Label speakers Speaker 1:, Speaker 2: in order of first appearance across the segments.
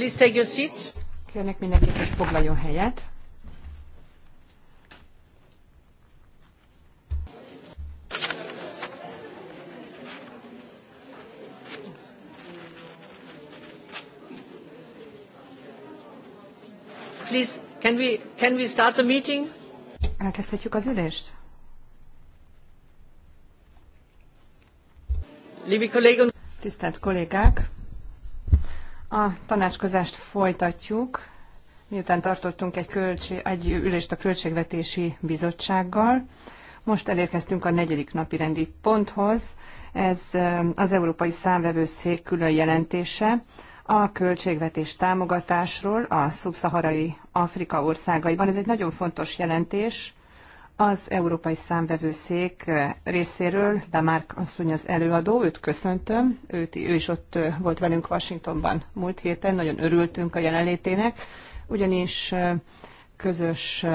Speaker 1: Please take your seats. Kérnek mindenkit, hogy foglaljon helyet. Please, can we, can we start the meeting?
Speaker 2: Elkezdhetjük az ülést? Liebe Kollegen. Tisztelt kollégák! A tanácskozást folytatjuk, miután tartottunk egy, költség, egy ülést a Költségvetési Bizottsággal. Most elérkeztünk a negyedik napi rendi ponthoz. Ez az Európai Számvevőszék külön jelentése a költségvetés támogatásról a szubszaharai Afrika országaiban. Ez egy nagyon fontos jelentés, az Európai Számvevőszék részéről Lamarck asszony az előadó, őt köszöntöm, őt, ő is ott volt velünk Washingtonban múlt héten, nagyon örültünk a jelenlétének, ugyanis közös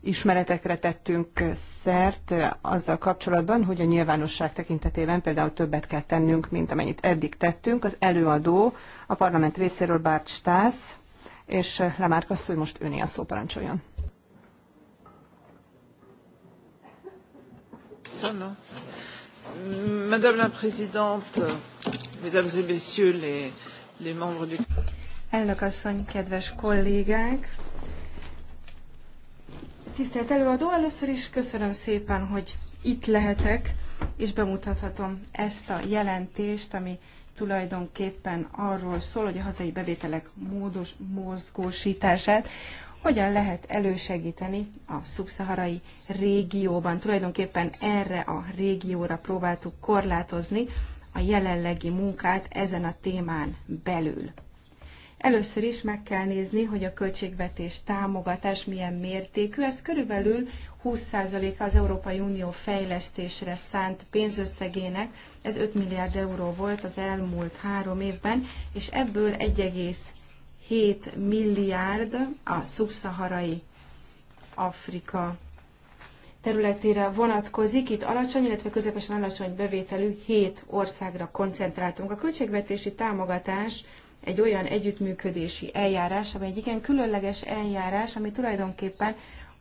Speaker 2: ismeretekre tettünk szert azzal kapcsolatban, hogy a nyilvánosság tekintetében például többet kell tennünk, mint amennyit eddig tettünk. Az előadó a parlament részéről Bárt Stász, és Lemárk asszony most öné a szó parancsoljon.
Speaker 3: Madame la Présidente,
Speaker 2: Mesdames et Messieurs les, les membres du...
Speaker 4: Elnök asszony, kedves kollégák! Tisztelt előadó, először is köszönöm szépen, hogy itt lehetek, és bemutathatom ezt a jelentést, ami tulajdonképpen arról szól, hogy a hazai bevételek módos mozgósítását hogyan lehet elősegíteni a szubszaharai régióban. Tulajdonképpen erre a régióra próbáltuk korlátozni a jelenlegi munkát ezen a témán belül. Először is meg kell nézni, hogy a költségvetés támogatás milyen mértékű. Ez körülbelül 20% az Európai Unió fejlesztésre szánt pénzösszegének. Ez 5 milliárd euró volt az elmúlt három évben, és ebből 7 milliárd a szubszaharai Afrika területére vonatkozik. Itt alacsony, illetve közepesen alacsony bevételű 7 országra koncentráltunk. A költségvetési támogatás egy olyan együttműködési eljárás, ami egy igen különleges eljárás, ami tulajdonképpen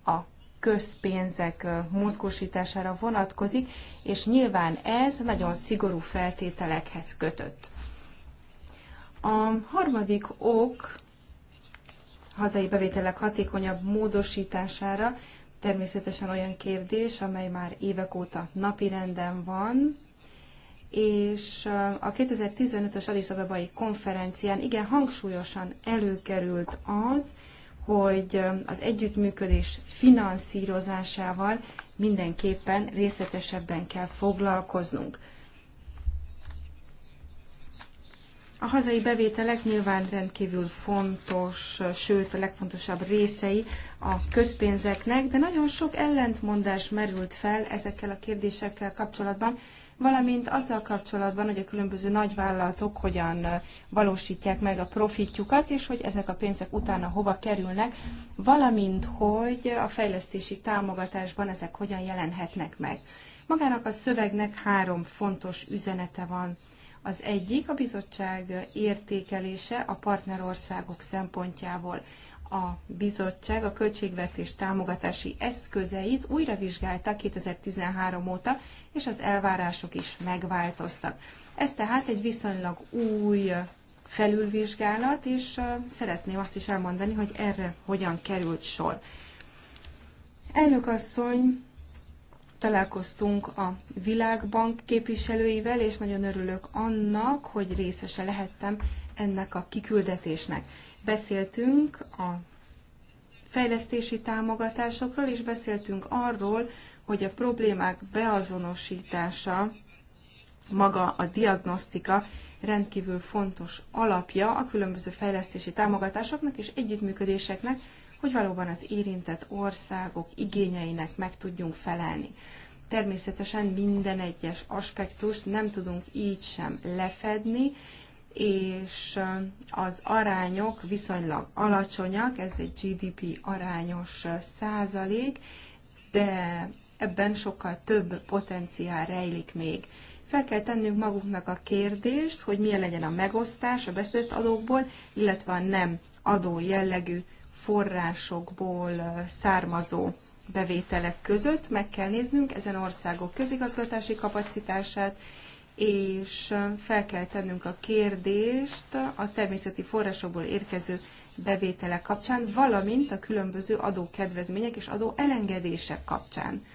Speaker 4: a közpénzek mozgósítására vonatkozik, és nyilván ez nagyon szigorú feltételekhez kötött. A harmadik ok hazai bevételek hatékonyabb módosítására természetesen olyan kérdés, amely már évek óta napirenden van, és a 2015-ös Addis Abebai konferencián igen hangsúlyosan előkerült az, hogy az együttműködés finanszírozásával mindenképpen részletesebben kell foglalkoznunk. A hazai bevételek nyilván rendkívül fontos, sőt a legfontosabb részei a közpénzeknek, de nagyon sok ellentmondás merült fel ezekkel a kérdésekkel kapcsolatban, valamint azzal kapcsolatban, hogy a különböző nagyvállalatok hogyan valósítják meg a profitjukat, és hogy ezek a pénzek utána hova kerülnek, valamint hogy a fejlesztési támogatásban ezek hogyan jelenhetnek meg. Magának a szövegnek három fontos üzenete van. Az egyik a bizottság értékelése a partnerországok szempontjából. A bizottság a költségvetés támogatási eszközeit újra vizsgálta 2013 óta, és az elvárások is megváltoztak. Ez tehát egy viszonylag új felülvizsgálat, és szeretném azt is elmondani, hogy erre hogyan került sor. Elnök asszony, találkoztunk a Világbank képviselőivel, és nagyon örülök annak, hogy részese lehettem ennek a kiküldetésnek. Beszéltünk a fejlesztési támogatásokról, és beszéltünk arról, hogy a problémák beazonosítása, maga a diagnosztika rendkívül fontos alapja a különböző fejlesztési támogatásoknak és együttműködéseknek, hogy valóban az érintett országok igényeinek meg tudjunk felelni. Természetesen minden egyes aspektust nem tudunk így sem lefedni, és az arányok viszonylag alacsonyak, ez egy GDP arányos százalék, de ebben sokkal több potenciál rejlik még. Fel kell tennünk magunknak a kérdést, hogy milyen legyen a megosztás a beszélt adókból, illetve a nem adó jellegű forrásokból származó bevételek között. Meg kell néznünk ezen országok közigazgatási kapacitását, és fel kell tennünk a kérdést a természeti forrásokból érkező bevételek kapcsán, valamint a különböző adókedvezmények és adó elengedések kapcsán.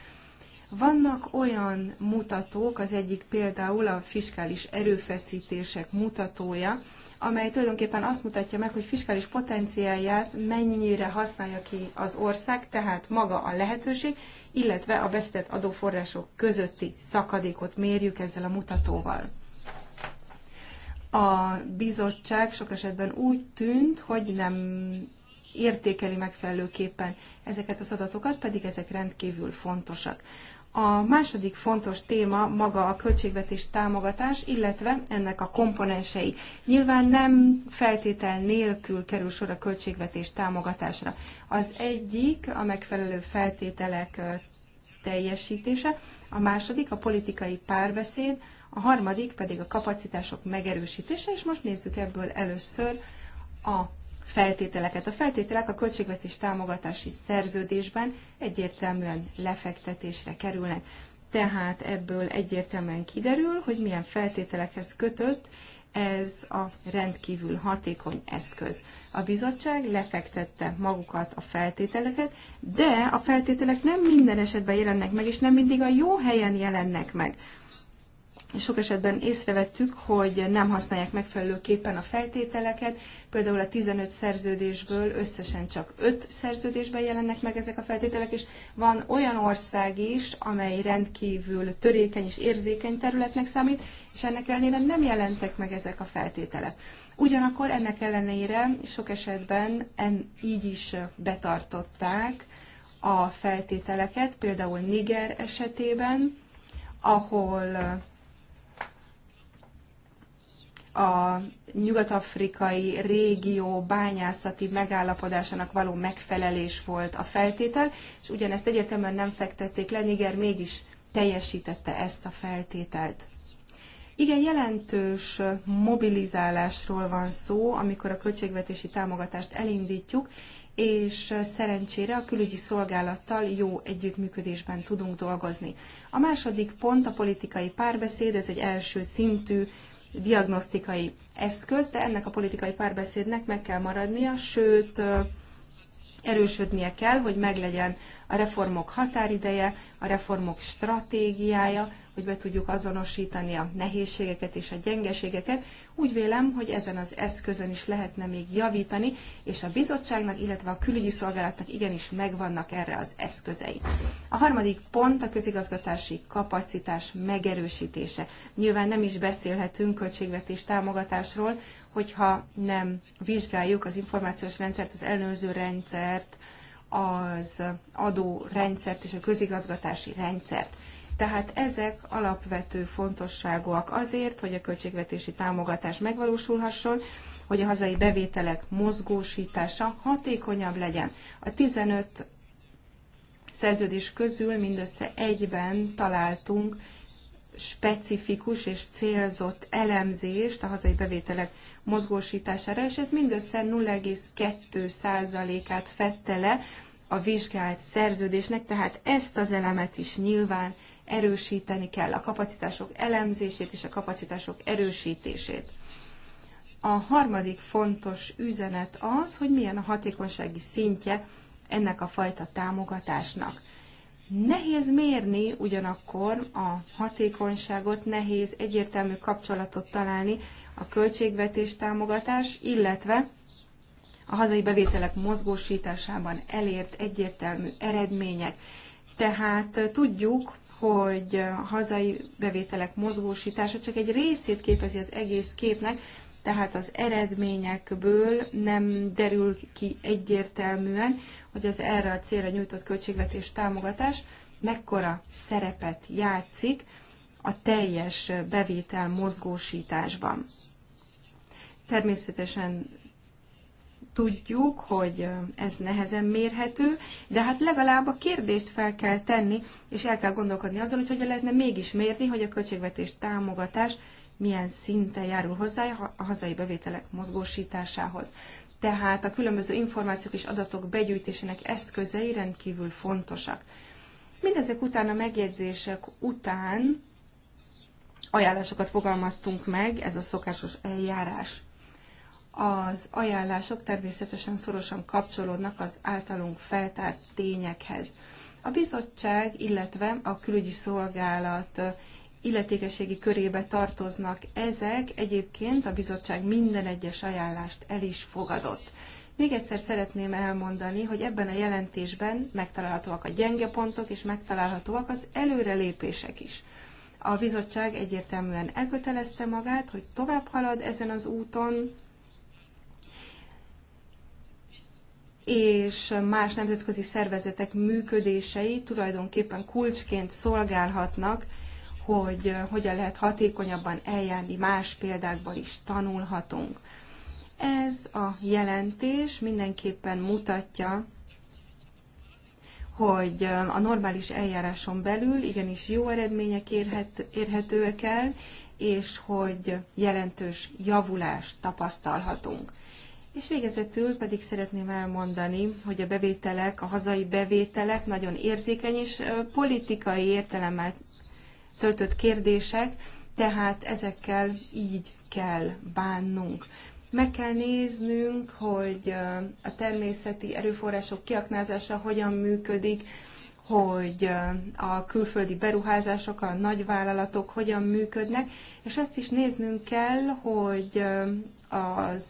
Speaker 4: Vannak olyan mutatók, az egyik például a fiskális erőfeszítések mutatója, amely tulajdonképpen azt mutatja meg, hogy fiskális potenciálját mennyire használja ki az ország, tehát maga a lehetőség, illetve a beszedett adóforrások közötti szakadékot mérjük ezzel a mutatóval. A bizottság sok esetben úgy tűnt, hogy nem értékeli megfelelőképpen ezeket az adatokat, pedig ezek rendkívül fontosak. A második fontos téma maga a költségvetés támogatás, illetve ennek a komponensei. Nyilván nem feltétel nélkül kerül sor a költségvetés támogatásra. Az egyik a megfelelő feltételek teljesítése, a második a politikai párbeszéd, a harmadik pedig a kapacitások megerősítése, és most nézzük ebből először a feltételeket. A feltételek a költségvetés támogatási szerződésben egyértelműen lefektetésre kerülnek. Tehát ebből egyértelműen kiderül, hogy milyen feltételekhez kötött ez a rendkívül hatékony eszköz. A bizottság lefektette magukat a feltételeket, de a feltételek nem minden esetben jelennek meg, és nem mindig a jó helyen jelennek meg sok esetben észrevettük, hogy nem használják megfelelőképpen a feltételeket, például a 15 szerződésből összesen csak 5 szerződésben jelennek meg ezek a feltételek, és van olyan ország is, amely rendkívül törékeny és érzékeny területnek számít, és ennek ellenére nem jelentek meg ezek a feltételek. Ugyanakkor ennek ellenére sok esetben en, így is betartották a feltételeket, például Niger esetében, ahol a nyugat-afrikai régió bányászati megállapodásának való megfelelés volt a feltétel, és ugyanezt egyetemen nem fektették le, Niger mégis teljesítette ezt a feltételt. Igen, jelentős mobilizálásról van szó, amikor a költségvetési támogatást elindítjuk, és szerencsére a külügyi szolgálattal jó együttműködésben tudunk dolgozni. A második pont a politikai párbeszéd, ez egy első szintű diagnosztikai eszköz, de ennek a politikai párbeszédnek meg kell maradnia, sőt erősödnie kell, hogy meglegyen a reformok határideje, a reformok stratégiája, hogy be tudjuk azonosítani a nehézségeket és a gyengeségeket. Úgy vélem, hogy ezen az eszközön is lehetne még javítani, és a bizottságnak, illetve a külügyi szolgálatnak igenis megvannak erre az eszközei. A harmadik pont a közigazgatási kapacitás megerősítése. Nyilván nem is beszélhetünk költségvetés támogatásról, hogyha nem vizsgáljuk az információs rendszert, az ellenőrző rendszert, az adórendszert és a közigazgatási rendszert. Tehát ezek alapvető fontosságúak azért, hogy a költségvetési támogatás megvalósulhasson, hogy a hazai bevételek mozgósítása hatékonyabb legyen. A 15 szerződés közül mindössze egyben találtunk specifikus és célzott elemzést a hazai bevételek mozgósítására, és ez mindössze 02 százalékát fette le a vizsgált szerződésnek, tehát ezt az elemet is nyilván erősíteni kell, a kapacitások elemzését és a kapacitások erősítését. A harmadik fontos üzenet az, hogy milyen a hatékonysági szintje ennek a fajta támogatásnak. Nehéz mérni ugyanakkor a hatékonyságot, nehéz egyértelmű kapcsolatot találni a költségvetés támogatás, illetve a hazai bevételek mozgósításában elért egyértelmű eredmények. Tehát tudjuk, hogy a hazai bevételek mozgósítása csak egy részét képezi az egész képnek, tehát az eredményekből nem derül ki egyértelműen, hogy az erre a célra nyújtott költségvetés támogatás mekkora szerepet játszik a teljes bevétel mozgósításban. Természetesen Tudjuk, hogy ez nehezen mérhető, de hát legalább a kérdést fel kell tenni, és el kell gondolkodni azon, hogy hogyan lehetne mégis mérni, hogy a költségvetés támogatás milyen szinten járul hozzá a hazai bevételek mozgósításához. Tehát a különböző információk és adatok begyűjtésének eszközei rendkívül fontosak. Mindezek után a megjegyzések után ajánlásokat fogalmaztunk meg, ez a szokásos eljárás. Az ajánlások természetesen szorosan kapcsolódnak az általunk feltárt tényekhez. A bizottság, illetve a külügyi szolgálat illetékeségi körébe tartoznak ezek, egyébként a bizottság minden egyes ajánlást el is fogadott. Még egyszer szeretném elmondani, hogy ebben a jelentésben megtalálhatóak a gyenge pontok, és megtalálhatóak az előrelépések is. A bizottság egyértelműen elkötelezte magát, hogy tovább halad ezen az úton, és más nemzetközi szervezetek működései tulajdonképpen kulcsként szolgálhatnak, hogy hogyan lehet hatékonyabban eljárni, más példákból is tanulhatunk. Ez a jelentés mindenképpen mutatja, hogy a normális eljáráson belül igenis jó eredmények érhet, érhetőek el, és hogy jelentős javulást tapasztalhatunk. És végezetül pedig szeretném elmondani, hogy a bevételek, a hazai bevételek nagyon érzékeny és politikai értelemmel töltött kérdések, tehát ezekkel így kell bánnunk. Meg kell néznünk, hogy a természeti erőforrások kiaknázása hogyan működik, hogy a külföldi beruházások, a nagyvállalatok hogyan működnek, és azt is néznünk kell, hogy az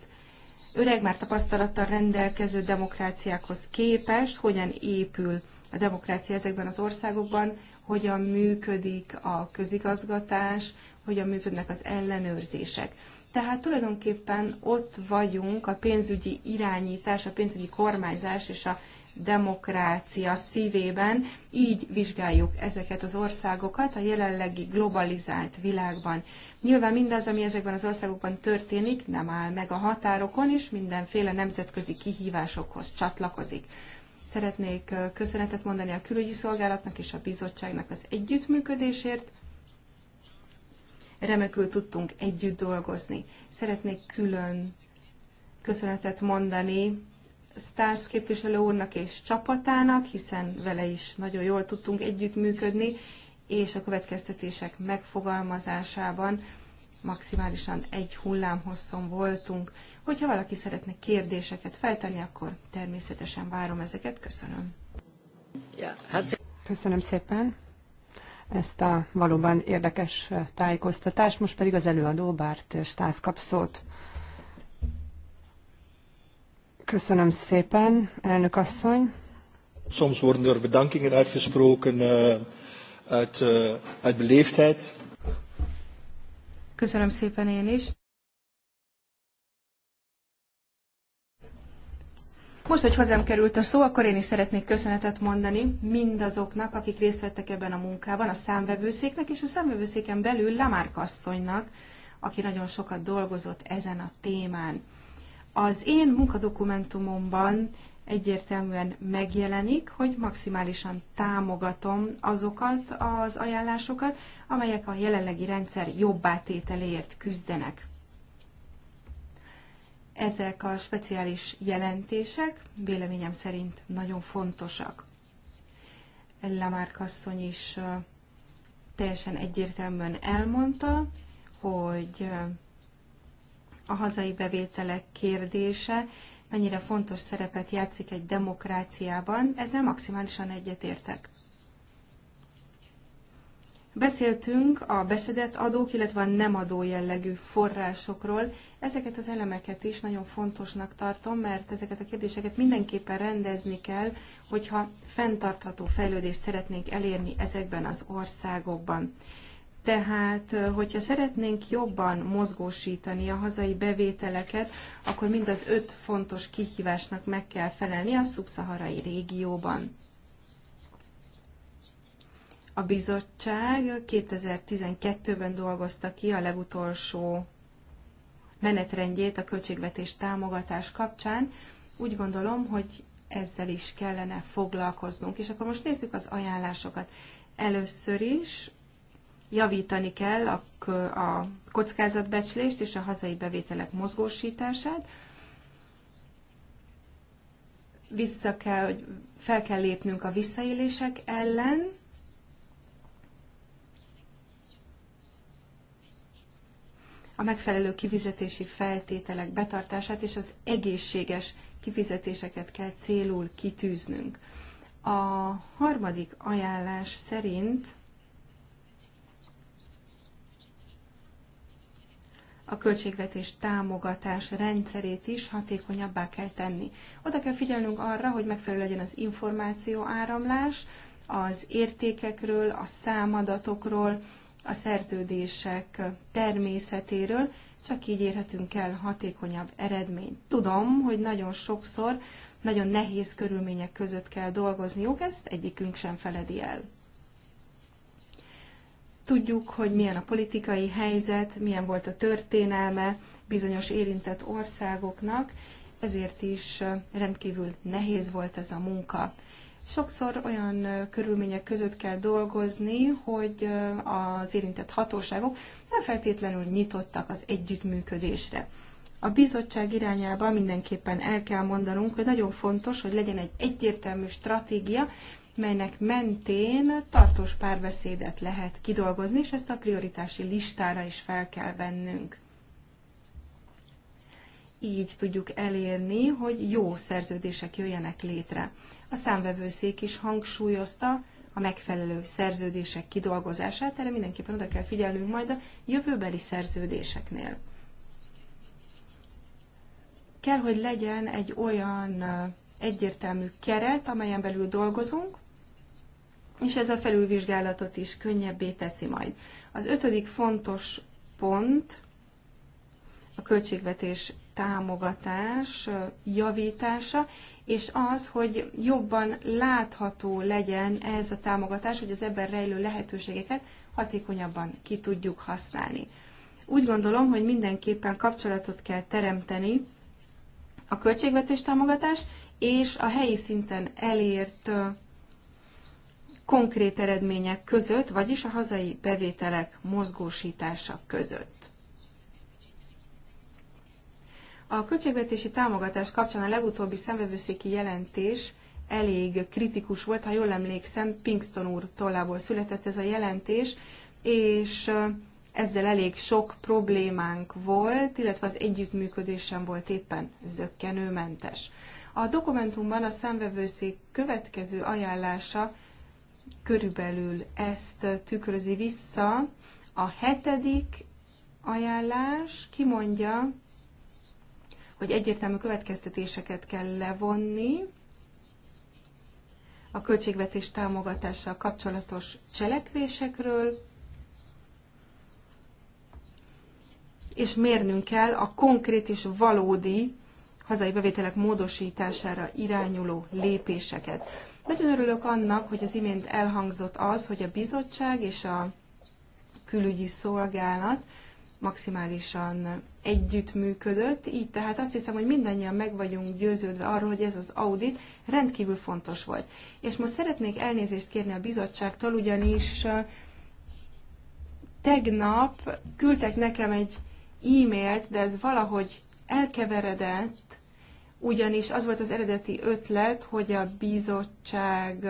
Speaker 4: öreg, már tapasztalattal rendelkező demokráciákhoz képest, hogyan épül a demokrácia ezekben az országokban, hogyan működik a közigazgatás, hogyan működnek az ellenőrzések. Tehát tulajdonképpen ott vagyunk a pénzügyi irányítás, a pénzügyi kormányzás és a demokrácia szívében. Így vizsgáljuk ezeket az országokat a jelenlegi globalizált világban. Nyilván mindaz, ami ezekben az országokban történik, nem áll meg a határokon, és mindenféle nemzetközi kihívásokhoz csatlakozik. Szeretnék köszönetet mondani a külügyi szolgálatnak és a bizottságnak az együttműködésért, remekül tudtunk együtt dolgozni. Szeretnék külön köszönetet mondani Stars képviselő úrnak és csapatának, hiszen vele is nagyon jól tudtunk együttműködni, és a következtetések megfogalmazásában maximálisan egy hullám hosszon voltunk. Hogyha valaki szeretne kérdéseket feltenni, akkor természetesen várom ezeket. Köszönöm.
Speaker 2: Hát Köszönöm szépen ezt a valóban érdekes tájékoztatást. Most pedig az előadó Bárt Stász kap szót. Köszönöm szépen, elnök asszony.
Speaker 5: Soms worden er bedankingen uitgesproken uh, uit, uh, uit beleefdheid.
Speaker 4: Köszönöm szépen én is. Most, hogy hozzám került a szó, akkor én is szeretnék köszönetet mondani mindazoknak, akik részt vettek ebben a munkában, a számvevőszéknek és a számvevőszéken belül Lamárk asszonynak, aki nagyon sokat dolgozott ezen a témán. Az én munkadokumentumomban egyértelműen megjelenik, hogy maximálisan támogatom azokat az ajánlásokat, amelyek a jelenlegi rendszer jobbátételéért küzdenek. Ezek a speciális jelentések véleményem szerint nagyon fontosak. Lamárk asszony is teljesen egyértelműen elmondta, hogy a hazai bevételek kérdése mennyire fontos szerepet játszik egy demokráciában, ezzel maximálisan egyetértek. Beszéltünk a beszedett adók, illetve a nem adó jellegű forrásokról. Ezeket az elemeket is nagyon fontosnak tartom, mert ezeket a kérdéseket mindenképpen rendezni kell, hogyha fenntartható fejlődést szeretnénk elérni ezekben az országokban. Tehát, hogyha szeretnénk jobban mozgósítani a hazai bevételeket, akkor mind az öt fontos kihívásnak meg kell felelni a szubszaharai régióban. A bizottság 2012-ben dolgozta ki a legutolsó menetrendjét a költségvetés támogatás kapcsán. Úgy gondolom, hogy ezzel is kellene foglalkoznunk. És akkor most nézzük az ajánlásokat. Először is javítani kell a, a kockázatbecslést és a hazai bevételek mozgósítását. Vissza kell, hogy fel kell lépnünk a visszaélések ellen, a megfelelő kifizetési feltételek betartását és az egészséges kifizetéseket kell célul kitűznünk. A harmadik ajánlás szerint a költségvetés támogatás rendszerét is hatékonyabbá kell tenni. Oda kell figyelnünk arra, hogy megfelelő legyen az információ áramlás, az értékekről, a számadatokról, a szerződések természetéről, csak így érhetünk el hatékonyabb eredményt. Tudom, hogy nagyon sokszor nagyon nehéz körülmények között kell dolgozniuk, ezt egyikünk sem feledi el. Tudjuk, hogy milyen a politikai helyzet, milyen volt a történelme bizonyos érintett országoknak, ezért is rendkívül nehéz volt ez a munka. Sokszor olyan körülmények között kell dolgozni, hogy az érintett hatóságok nem feltétlenül nyitottak az együttműködésre. A bizottság irányába mindenképpen el kell mondanunk, hogy nagyon fontos, hogy legyen egy egyértelmű stratégia, melynek mentén tartós párbeszédet lehet kidolgozni, és ezt a prioritási listára is fel kell vennünk. Így tudjuk elérni, hogy jó szerződések jöjjenek létre. A számvevőszék is hangsúlyozta, a megfelelő szerződések kidolgozását, erre mindenképpen oda kell figyelnünk majd a jövőbeli szerződéseknél. Kell, hogy legyen egy olyan egyértelmű keret, amelyen belül dolgozunk, és ez a felülvizsgálatot is könnyebbé teszi majd. Az ötödik fontos pont a költségvetés támogatás javítása, és az, hogy jobban látható legyen ez a támogatás, hogy az ebben rejlő lehetőségeket hatékonyabban ki tudjuk használni. Úgy gondolom, hogy mindenképpen kapcsolatot kell teremteni a költségvetés támogatás és a helyi szinten elért konkrét eredmények között, vagyis a hazai bevételek mozgósítása között. A költségvetési támogatás kapcsán a legutóbbi szemvevőszéki jelentés elég kritikus volt, ha jól emlékszem, Pinkston úr tollából született ez a jelentés, és ezzel elég sok problémánk volt, illetve az együttműködés sem volt éppen zöggenőmentes. A dokumentumban a szemvevőszék következő ajánlása körülbelül ezt tükrözi vissza. A hetedik ajánlás kimondja, hogy egyértelmű következtetéseket kell levonni a költségvetés támogatással kapcsolatos cselekvésekről, és mérnünk kell a konkrét és valódi hazai bevételek módosítására irányuló lépéseket. Nagyon örülök annak, hogy az imént elhangzott az, hogy a bizottság és a külügyi szolgálat maximálisan együttműködött, így tehát azt hiszem, hogy mindannyian meg vagyunk győződve arról, hogy ez az audit rendkívül fontos volt. És most szeretnék elnézést kérni a bizottságtól, ugyanis tegnap küldtek nekem egy e-mailt, de ez valahogy elkeveredett, ugyanis az volt az eredeti ötlet, hogy a bizottság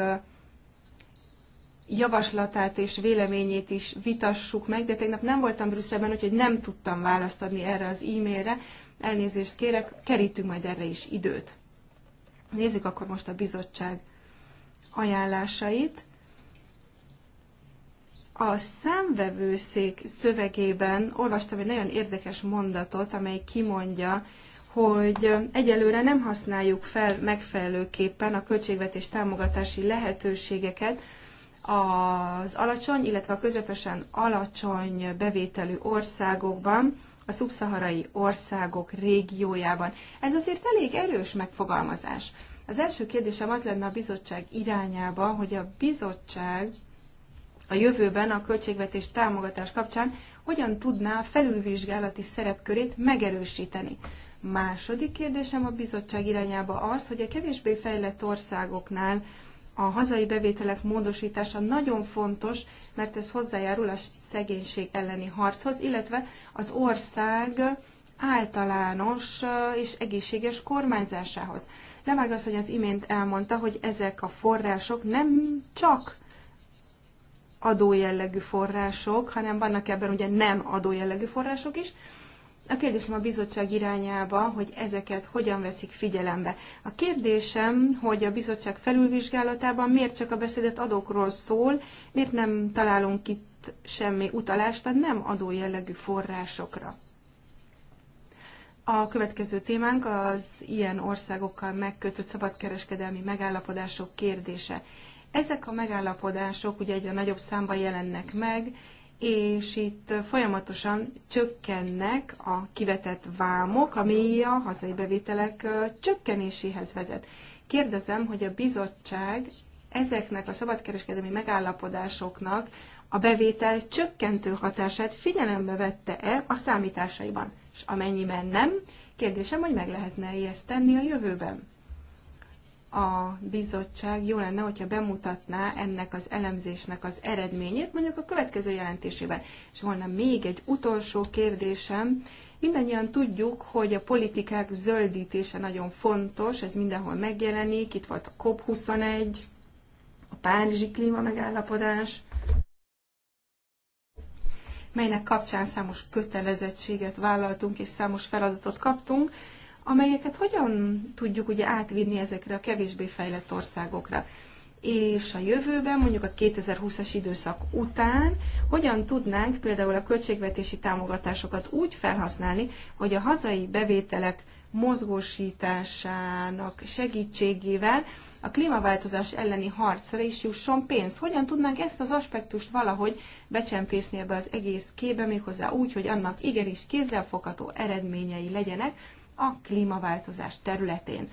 Speaker 4: javaslatát és véleményét is vitassuk meg, de tegnap nem voltam Brüsszelben, úgyhogy nem tudtam választ adni erre az e-mailre. Elnézést kérek, kerítünk majd erre is időt. Nézzük akkor most a bizottság ajánlásait. A szemvevőszék szövegében olvastam egy nagyon érdekes mondatot, amely kimondja, hogy egyelőre nem használjuk fel megfelelőképpen a költségvetés támogatási lehetőségeket az alacsony, illetve a közepesen alacsony bevételű országokban, a szubszaharai országok régiójában. Ez azért elég erős megfogalmazás. Az első kérdésem az lenne a bizottság irányába, hogy a bizottság a jövőben a költségvetés támogatás kapcsán hogyan tudná felülvizsgálati szerepkörét megerősíteni. Második kérdésem a bizottság irányába az, hogy a kevésbé fejlett országoknál a hazai bevételek módosítása nagyon fontos, mert ez hozzájárul a szegénység elleni harchoz, illetve az ország általános és egészséges kormányzásához. Levág az, hogy az imént elmondta, hogy ezek a források nem csak adójellegű források, hanem vannak ebben ugye nem adójellegű források is, a kérdésem a bizottság irányába, hogy ezeket hogyan veszik figyelembe. A kérdésem, hogy a bizottság felülvizsgálatában miért csak a beszédet adókról szól, miért nem találunk itt semmi utalást a nem jellegű forrásokra. A következő témánk az ilyen országokkal megkötött szabadkereskedelmi megállapodások kérdése. Ezek a megállapodások ugye egyre nagyobb számban jelennek meg, és itt folyamatosan csökkennek a kivetett vámok, ami a hazai bevételek csökkenéséhez vezet. Kérdezem, hogy a bizottság ezeknek a szabadkereskedelmi megállapodásoknak a bevétel csökkentő hatását figyelembe vette-e a számításaiban? És amennyiben nem, kérdésem, hogy meg lehetne -e ezt tenni a jövőben? a bizottság jó lenne, hogyha bemutatná ennek az elemzésnek az eredményét, mondjuk a következő jelentésében. És volna még egy utolsó kérdésem. Mindannyian tudjuk, hogy a politikák zöldítése nagyon fontos, ez mindenhol megjelenik, itt volt a COP21, a Párizsi klíma megállapodás. melynek kapcsán számos kötelezettséget vállaltunk és számos feladatot kaptunk amelyeket hogyan tudjuk ugye átvinni ezekre a kevésbé fejlett országokra. És a jövőben, mondjuk a 2020-as időszak után, hogyan tudnánk például a költségvetési támogatásokat úgy felhasználni, hogy a hazai bevételek mozgósításának segítségével a klímaváltozás elleni harcra is jusson pénz. Hogyan tudnánk ezt az aspektust valahogy becsempészni ebbe az egész képbe, méghozzá úgy, hogy annak igenis kézzelfogható eredményei legyenek, a klímaváltozás területén.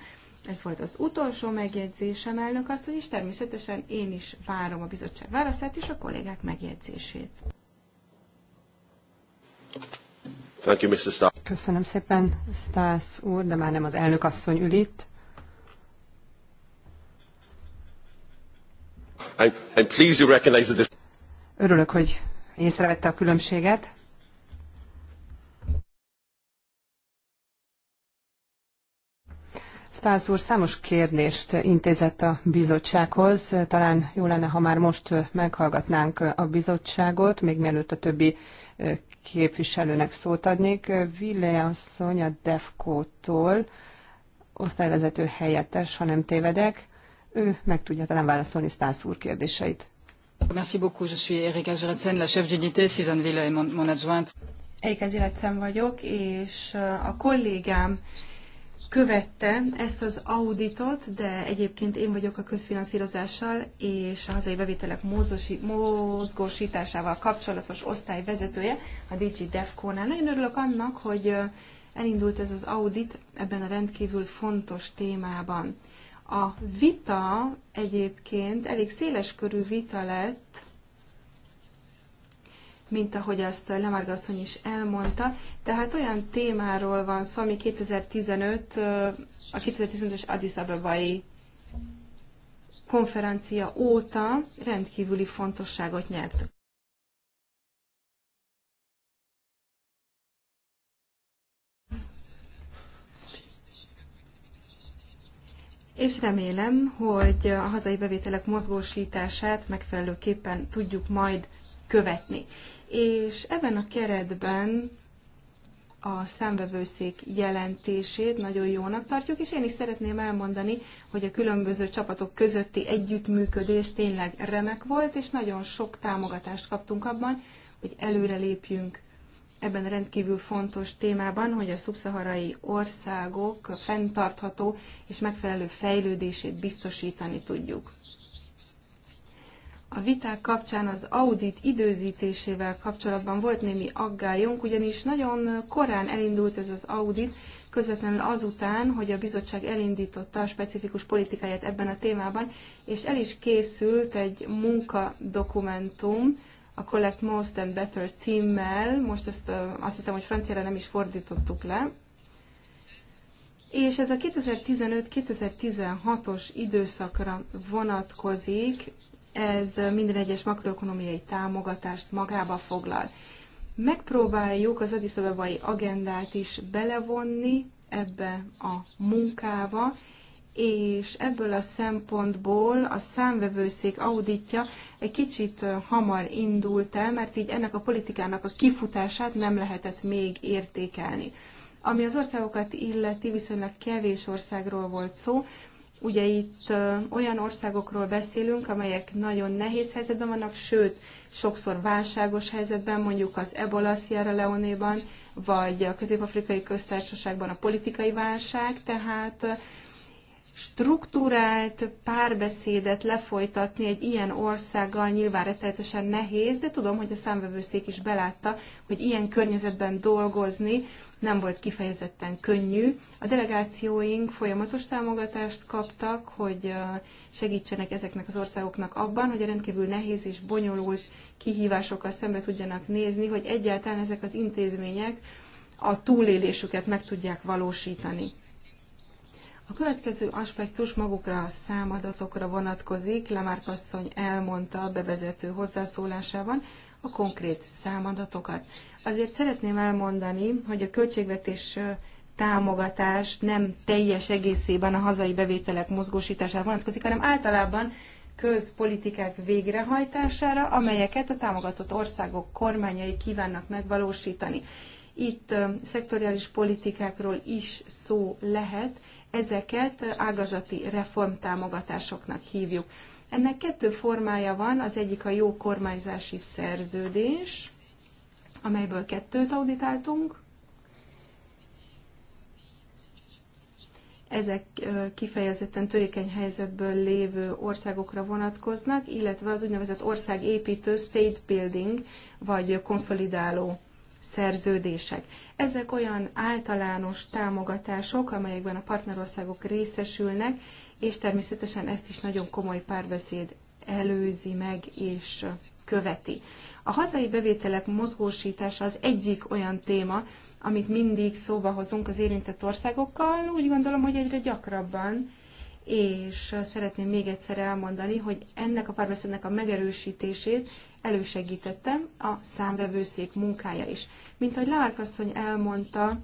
Speaker 4: Ez volt az utolsó megjegyzésem, elnök asszony, és természetesen én is várom a bizottság válaszát és a kollégák megjegyzését.
Speaker 5: Thank you, Mr. Stas.
Speaker 2: Köszönöm szépen, Stász úr, de már nem az elnök asszony ül itt.
Speaker 5: I'm, I'm pleased you recognize the...
Speaker 2: Örülök, hogy észrevette a különbséget. Stász úr számos kérdést intézett a bizottsághoz. Talán jó lenne, ha már most meghallgatnánk a bizottságot, még mielőtt a többi képviselőnek szót adnék. Ville asszony a DEFCO-tól, osztályvezető helyettes, ha nem tévedek. Ő meg tudja talán válaszolni Stász úr kérdéseit.
Speaker 6: Merci beaucoup, je
Speaker 3: suis Erika Juretsen, la chef d'unité, Susan Ville mon, mon adjointe.
Speaker 6: Erika vagyok,
Speaker 4: és a kollégám követte ezt az auditot, de egyébként én vagyok a közfinanszírozással és a hazai bevételek mozgósításával kapcsolatos osztály vezetője a DG DEFCO-nál. Nagyon örülök annak, hogy elindult ez az audit ebben a rendkívül fontos témában. A vita egyébként elég széles körű vita lett mint ahogy azt Lemárga asszony is elmondta. Tehát olyan témáról van szó, ami 2015, a 2015-ös Addis Abebai konferencia óta rendkívüli fontosságot nyert. és remélem, hogy a hazai bevételek mozgósítását megfelelőképpen tudjuk majd követni és ebben a keretben a szemvevőszék jelentését nagyon jónak tartjuk, és én is szeretném elmondani, hogy a különböző csapatok közötti együttműködés tényleg remek volt, és nagyon sok támogatást kaptunk abban, hogy előre lépjünk ebben a rendkívül fontos témában, hogy a szubszaharai országok fenntartható és megfelelő fejlődését biztosítani tudjuk. A viták kapcsán az audit időzítésével kapcsolatban volt némi aggályunk, ugyanis nagyon korán elindult ez az audit, közvetlenül azután, hogy a bizottság elindította a specifikus politikáját ebben a témában, és el is készült egy munkadokumentum a Collect Most and Better címmel, most ezt azt hiszem, hogy franciára nem is fordítottuk le, és ez a 2015-2016-os időszakra vonatkozik, ez minden egyes makroökonomiai támogatást magába foglal. Megpróbáljuk az Addis Abebai agendát is belevonni ebbe a munkába, és ebből a szempontból a számvevőszék auditja egy kicsit hamar indult el, mert így ennek a politikának a kifutását nem lehetett még értékelni. Ami az országokat illeti, viszonylag kevés országról volt szó, Ugye itt olyan országokról beszélünk, amelyek nagyon nehéz helyzetben vannak, sőt, sokszor válságos helyzetben, mondjuk az Ebola Sierra Leone-ban, vagy a Közép-Afrikai Köztársaságban a politikai válság, tehát struktúrált párbeszédet lefolytatni egy ilyen országgal nyilván rettenetesen nehéz, de tudom, hogy a számvevőszék is belátta, hogy ilyen környezetben dolgozni nem volt kifejezetten könnyű. A delegációink folyamatos támogatást kaptak, hogy segítsenek ezeknek az országoknak abban, hogy a rendkívül nehéz és bonyolult kihívásokkal szembe tudjanak nézni, hogy egyáltalán ezek az intézmények a túlélésüket meg tudják valósítani. A következő aspektus magukra a számadatokra vonatkozik, Lemárk asszony elmondta a bevezető hozzászólásában a konkrét számadatokat. Azért szeretném elmondani, hogy a költségvetés támogatás nem teljes egészében a hazai bevételek mozgósítására vonatkozik, hanem általában közpolitikák végrehajtására, amelyeket a támogatott országok kormányai kívánnak megvalósítani. Itt szektoriális politikákról is szó lehet, ezeket ágazati reformtámogatásoknak hívjuk. Ennek kettő formája van, az egyik a jó kormányzási szerződés, amelyből kettőt auditáltunk. Ezek kifejezetten törékeny helyzetből lévő országokra vonatkoznak, illetve az úgynevezett országépítő state building, vagy konszolidáló szerződések. Ezek olyan általános támogatások, amelyekben a partnerországok részesülnek, és természetesen ezt is nagyon komoly párbeszéd előzi meg és követi. A hazai bevételek mozgósítása az egyik olyan téma, amit mindig szóba hozunk az érintett országokkal, úgy gondolom, hogy egyre gyakrabban, és szeretném még egyszer elmondani, hogy ennek a párbeszédnek a megerősítését elősegítettem a számvevőszék munkája is. Mint ahogy Lárk asszony elmondta,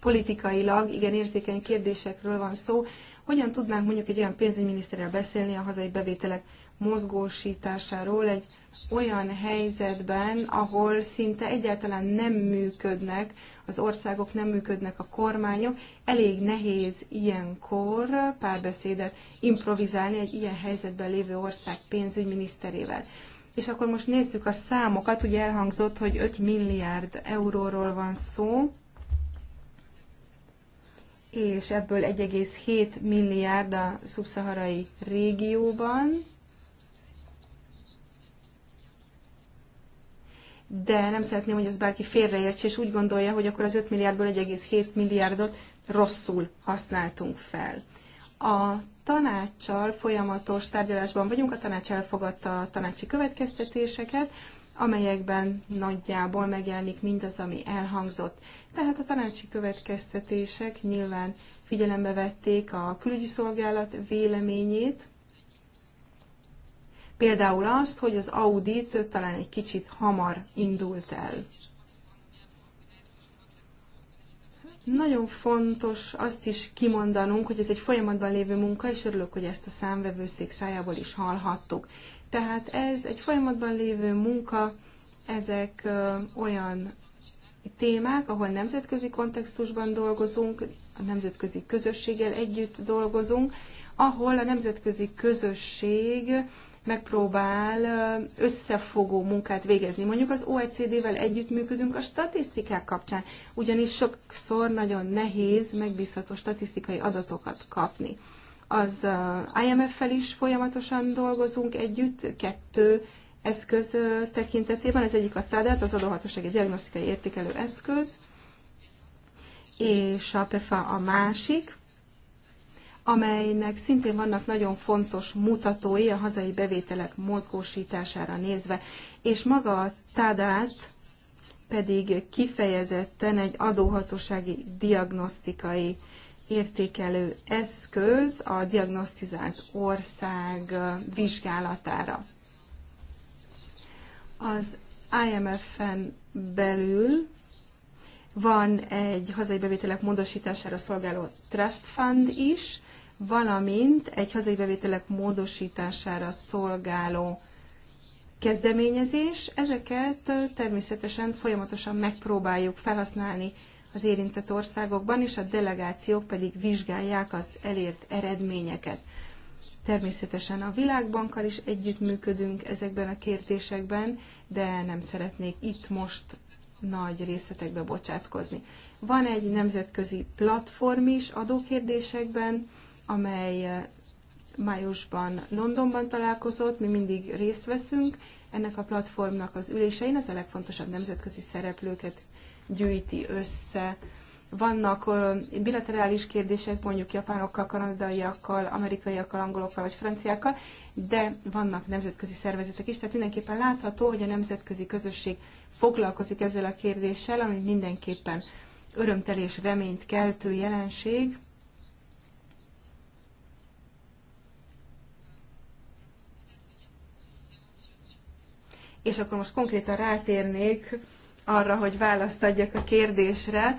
Speaker 4: politikailag igen érzékeny kérdésekről van szó, hogyan tudnánk mondjuk egy olyan pénzügyminiszterrel beszélni a hazai bevételek mozgósításáról egy olyan helyzetben, ahol szinte egyáltalán nem működnek az országok, nem működnek a kormányok. Elég nehéz ilyenkor párbeszédet improvizálni egy ilyen helyzetben lévő ország pénzügyminiszterével. És akkor most nézzük a számokat. Ugye elhangzott, hogy 5 milliárd euróról van szó, és ebből 1,7 milliárd a szubszaharai régióban, de nem szeretném, hogy ez bárki félreértse, és úgy gondolja, hogy akkor az 5 milliárdból 1,7 milliárdot rosszul használtunk fel. A tanácssal folyamatos tárgyalásban vagyunk, a tanács elfogadta a tanácsi következtetéseket, amelyekben nagyjából megjelenik mindaz, ami elhangzott. Tehát a tanácsi következtetések nyilván figyelembe vették a külügyi szolgálat véleményét, Például azt, hogy az audit talán egy kicsit hamar indult el. Nagyon fontos azt is kimondanunk, hogy ez egy folyamatban lévő munka, és örülök, hogy ezt a számvevőszék szájából is hallhattuk. Tehát ez egy folyamatban lévő munka, ezek olyan témák, ahol nemzetközi kontextusban dolgozunk, a nemzetközi közösséggel együtt dolgozunk, ahol a nemzetközi közösség megpróbál összefogó munkát végezni. Mondjuk az OECD-vel együttműködünk a statisztikák kapcsán, ugyanis sokszor nagyon nehéz megbízható statisztikai adatokat kapni. Az IMF-fel is folyamatosan dolgozunk együtt, kettő eszköz tekintetében. Az egyik a TADAT, az adóhatósági diagnosztikai értékelő eszköz, és a PEFA a másik amelynek szintén vannak nagyon fontos mutatói a hazai bevételek mozgósítására nézve, és maga a tádát pedig kifejezetten egy adóhatósági diagnosztikai értékelő eszköz a diagnosztizált ország vizsgálatára. Az IMF-en belül van egy hazai bevételek módosítására szolgáló trust fund is, valamint egy hazai bevételek módosítására szolgáló kezdeményezés. Ezeket természetesen folyamatosan megpróbáljuk felhasználni az érintett országokban, és a delegációk pedig vizsgálják az elért eredményeket. Természetesen a világbankkal is együttműködünk ezekben a kérdésekben, de nem szeretnék itt most nagy részletekbe bocsátkozni. Van egy nemzetközi platform is adókérdésekben, amely eh, májusban Londonban találkozott, mi mindig részt veszünk ennek a platformnak az ülésein, az a legfontosabb nemzetközi szereplőket gyűjti össze. Vannak eh, bilaterális kérdések mondjuk japánokkal, kanadaiakkal, amerikaiakkal, angolokkal vagy franciákkal, de vannak nemzetközi szervezetek is, tehát mindenképpen látható, hogy a nemzetközi közösség foglalkozik ezzel a kérdéssel, ami mindenképpen örömtelés reményt keltő jelenség És akkor most konkrétan rátérnék arra, hogy választ adjak a kérdésre.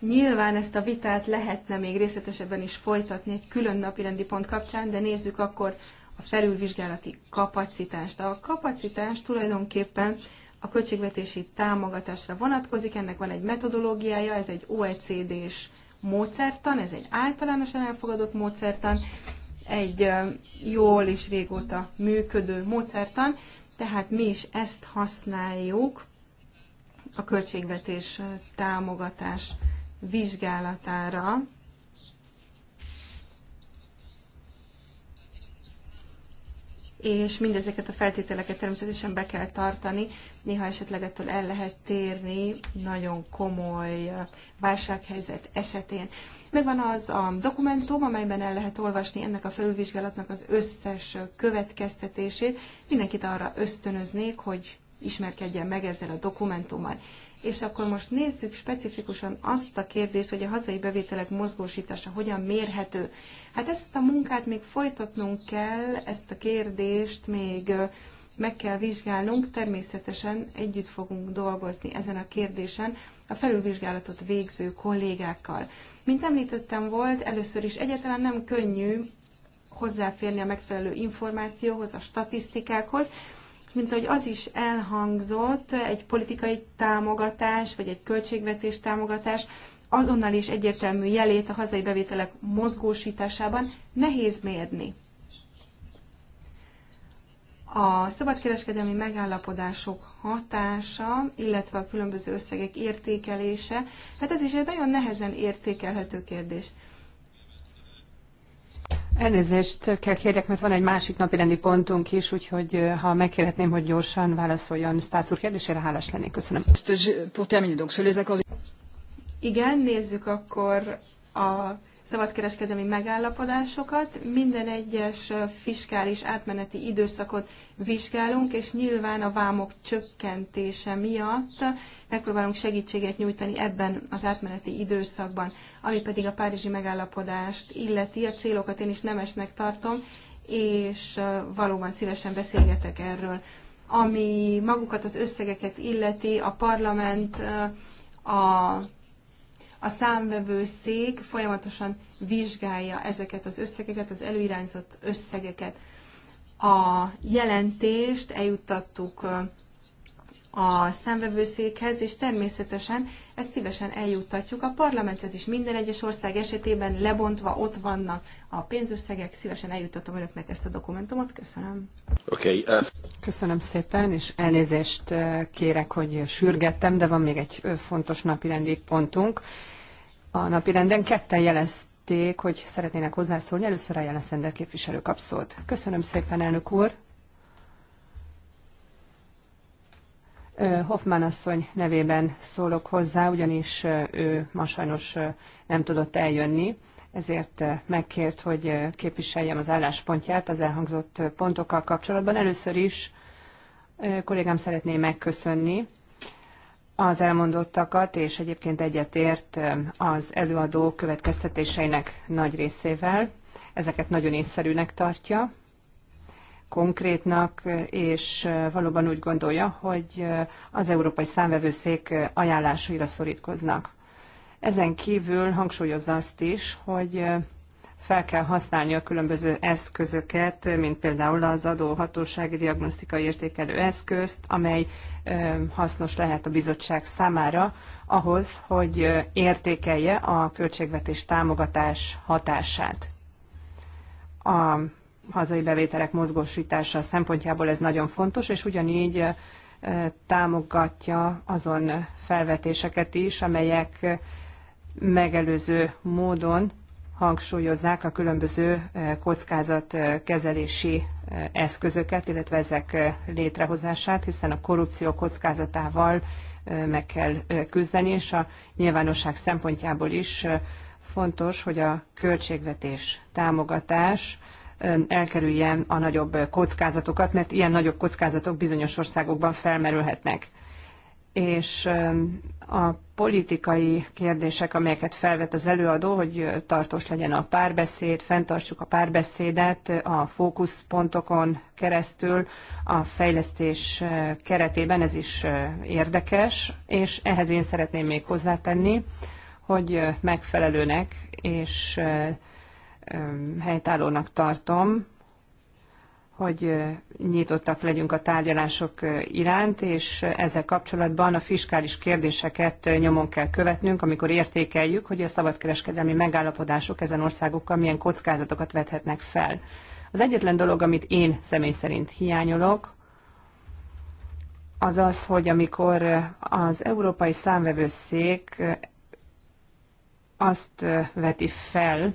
Speaker 4: Nyilván ezt a vitát lehetne még részletesebben is folytatni egy külön napirendi pont kapcsán, de nézzük akkor a felülvizsgálati kapacitást. A kapacitás tulajdonképpen a költségvetési támogatásra vonatkozik, ennek van egy metodológiája, ez egy OECD-s módszertan, ez egy általánosan elfogadott módszertan, egy jól és régóta működő módszertan, tehát mi is ezt használjuk a költségvetés támogatás vizsgálatára. és mindezeket a feltételeket természetesen be kell tartani. Néha esetleg ettől el lehet térni nagyon komoly válsághelyzet esetén. Megvan az a dokumentum, amelyben el lehet olvasni ennek a felülvizsgálatnak az összes következtetését. Mindenkit arra ösztönöznék, hogy ismerkedjen meg ezzel a dokumentummal. És akkor most nézzük specifikusan azt a kérdést, hogy a hazai bevételek mozgósítása hogyan mérhető. Hát ezt a munkát még folytatnunk kell, ezt a kérdést még meg kell vizsgálnunk, természetesen együtt fogunk dolgozni ezen a kérdésen a felülvizsgálatot végző kollégákkal. Mint említettem volt, először is egyáltalán nem könnyű hozzáférni a megfelelő információhoz, a statisztikákhoz, mint ahogy az is elhangzott, egy politikai támogatás, vagy egy költségvetés támogatás azonnal is egyértelmű jelét a hazai bevételek mozgósításában nehéz mérni a szabadkereskedelmi megállapodások hatása, illetve a különböző összegek értékelése, hát ez is egy nagyon nehezen értékelhető kérdés.
Speaker 2: Elnézést kell kérjek, mert van egy másik napi rendi pontunk is, úgyhogy ha megkérhetném, hogy gyorsan válaszoljon Stász úr kérdésére, hálás lennék. Köszönöm.
Speaker 4: Igen, nézzük akkor a szabadkereskedelmi megállapodásokat, minden egyes fiskális átmeneti időszakot vizsgálunk, és nyilván a vámok csökkentése miatt megpróbálunk segítséget nyújtani ebben az átmeneti időszakban. Ami pedig a párizsi megállapodást illeti, a célokat én is nemesnek tartom, és valóban szívesen beszélgetek erről. Ami magukat az összegeket illeti, a parlament a a számvevőszék folyamatosan vizsgálja ezeket az összegeket, az előirányzott összegeket. A jelentést eljuttattuk a számvevőszékhez, és természetesen ezt szívesen eljuttatjuk a parlamenthez is. Minden egyes ország esetében lebontva ott vannak a pénzösszegek, szívesen eljuttatom önöknek ezt a dokumentumot. Köszönöm.
Speaker 5: Okay, uh...
Speaker 2: Köszönöm szépen, és elnézést uh, kérek, hogy sürgettem, de van még egy fontos napirendi pontunk. A napirenden ketten jelezték, hogy szeretnének hozzászólni. Először a jelenszendő képviselő kapszót. Köszönöm szépen, elnök úr. Hoffman asszony nevében szólok hozzá, ugyanis ő ma sajnos nem tudott eljönni, ezért megkért, hogy képviseljem az álláspontját az elhangzott pontokkal kapcsolatban. Először is kollégám szeretné megköszönni az elmondottakat, és egyébként egyetért az előadó következtetéseinek nagy részével. Ezeket nagyon észszerűnek tartja konkrétnak, és valóban úgy gondolja, hogy az Európai Számvevőszék ajánlásaira szorítkoznak. Ezen kívül hangsúlyozza azt is, hogy fel kell használni a különböző eszközöket, mint például az adóhatósági diagnosztikai értékelő eszközt, amely hasznos lehet a bizottság számára ahhoz, hogy értékelje a költségvetés támogatás hatását. A hazai bevételek mozgósítása szempontjából ez nagyon fontos, és ugyanígy támogatja azon felvetéseket is, amelyek megelőző módon hangsúlyozzák a különböző kockázatkezelési eszközöket, illetve ezek létrehozását, hiszen a korrupció kockázatával meg kell küzdeni, és a nyilvánosság szempontjából is fontos, hogy a költségvetés támogatás elkerülje a nagyobb kockázatokat, mert ilyen nagyobb kockázatok bizonyos országokban felmerülhetnek. És a politikai kérdések, amelyeket felvet az előadó, hogy tartós legyen a párbeszéd, fenntartsuk a párbeszédet a fókuszpontokon keresztül, a fejlesztés keretében ez is érdekes, és ehhez én szeretném még hozzátenni, hogy megfelelőnek és helytállónak tartom, hogy nyitottak legyünk a tárgyalások iránt, és ezzel kapcsolatban a fiskális kérdéseket nyomon kell követnünk, amikor értékeljük, hogy a szabadkereskedelmi megállapodások ezen országokkal milyen kockázatokat vethetnek fel. Az egyetlen dolog, amit én személy szerint hiányolok, az az, hogy amikor az Európai Számvevőszék azt veti fel,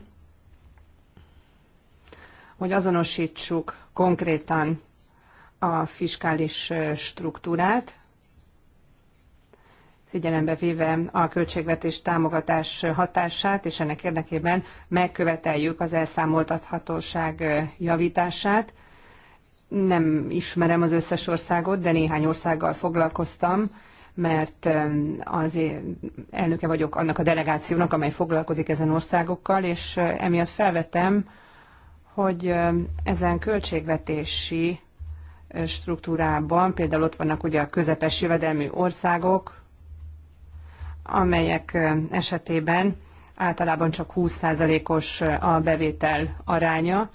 Speaker 2: hogy azonosítsuk konkrétan a fiskális struktúrát, figyelembe véve a költségvetés támogatás hatását, és ennek érdekében megköveteljük az elszámoltathatóság javítását. Nem ismerem az összes országot, de néhány országgal foglalkoztam, mert az elnöke vagyok annak a delegációnak, amely foglalkozik ezen országokkal, és emiatt felvetem, hogy ezen költségvetési struktúrában, például ott vannak ugye a közepes jövedelmű országok, amelyek esetében általában csak 20%-os a bevétel aránya,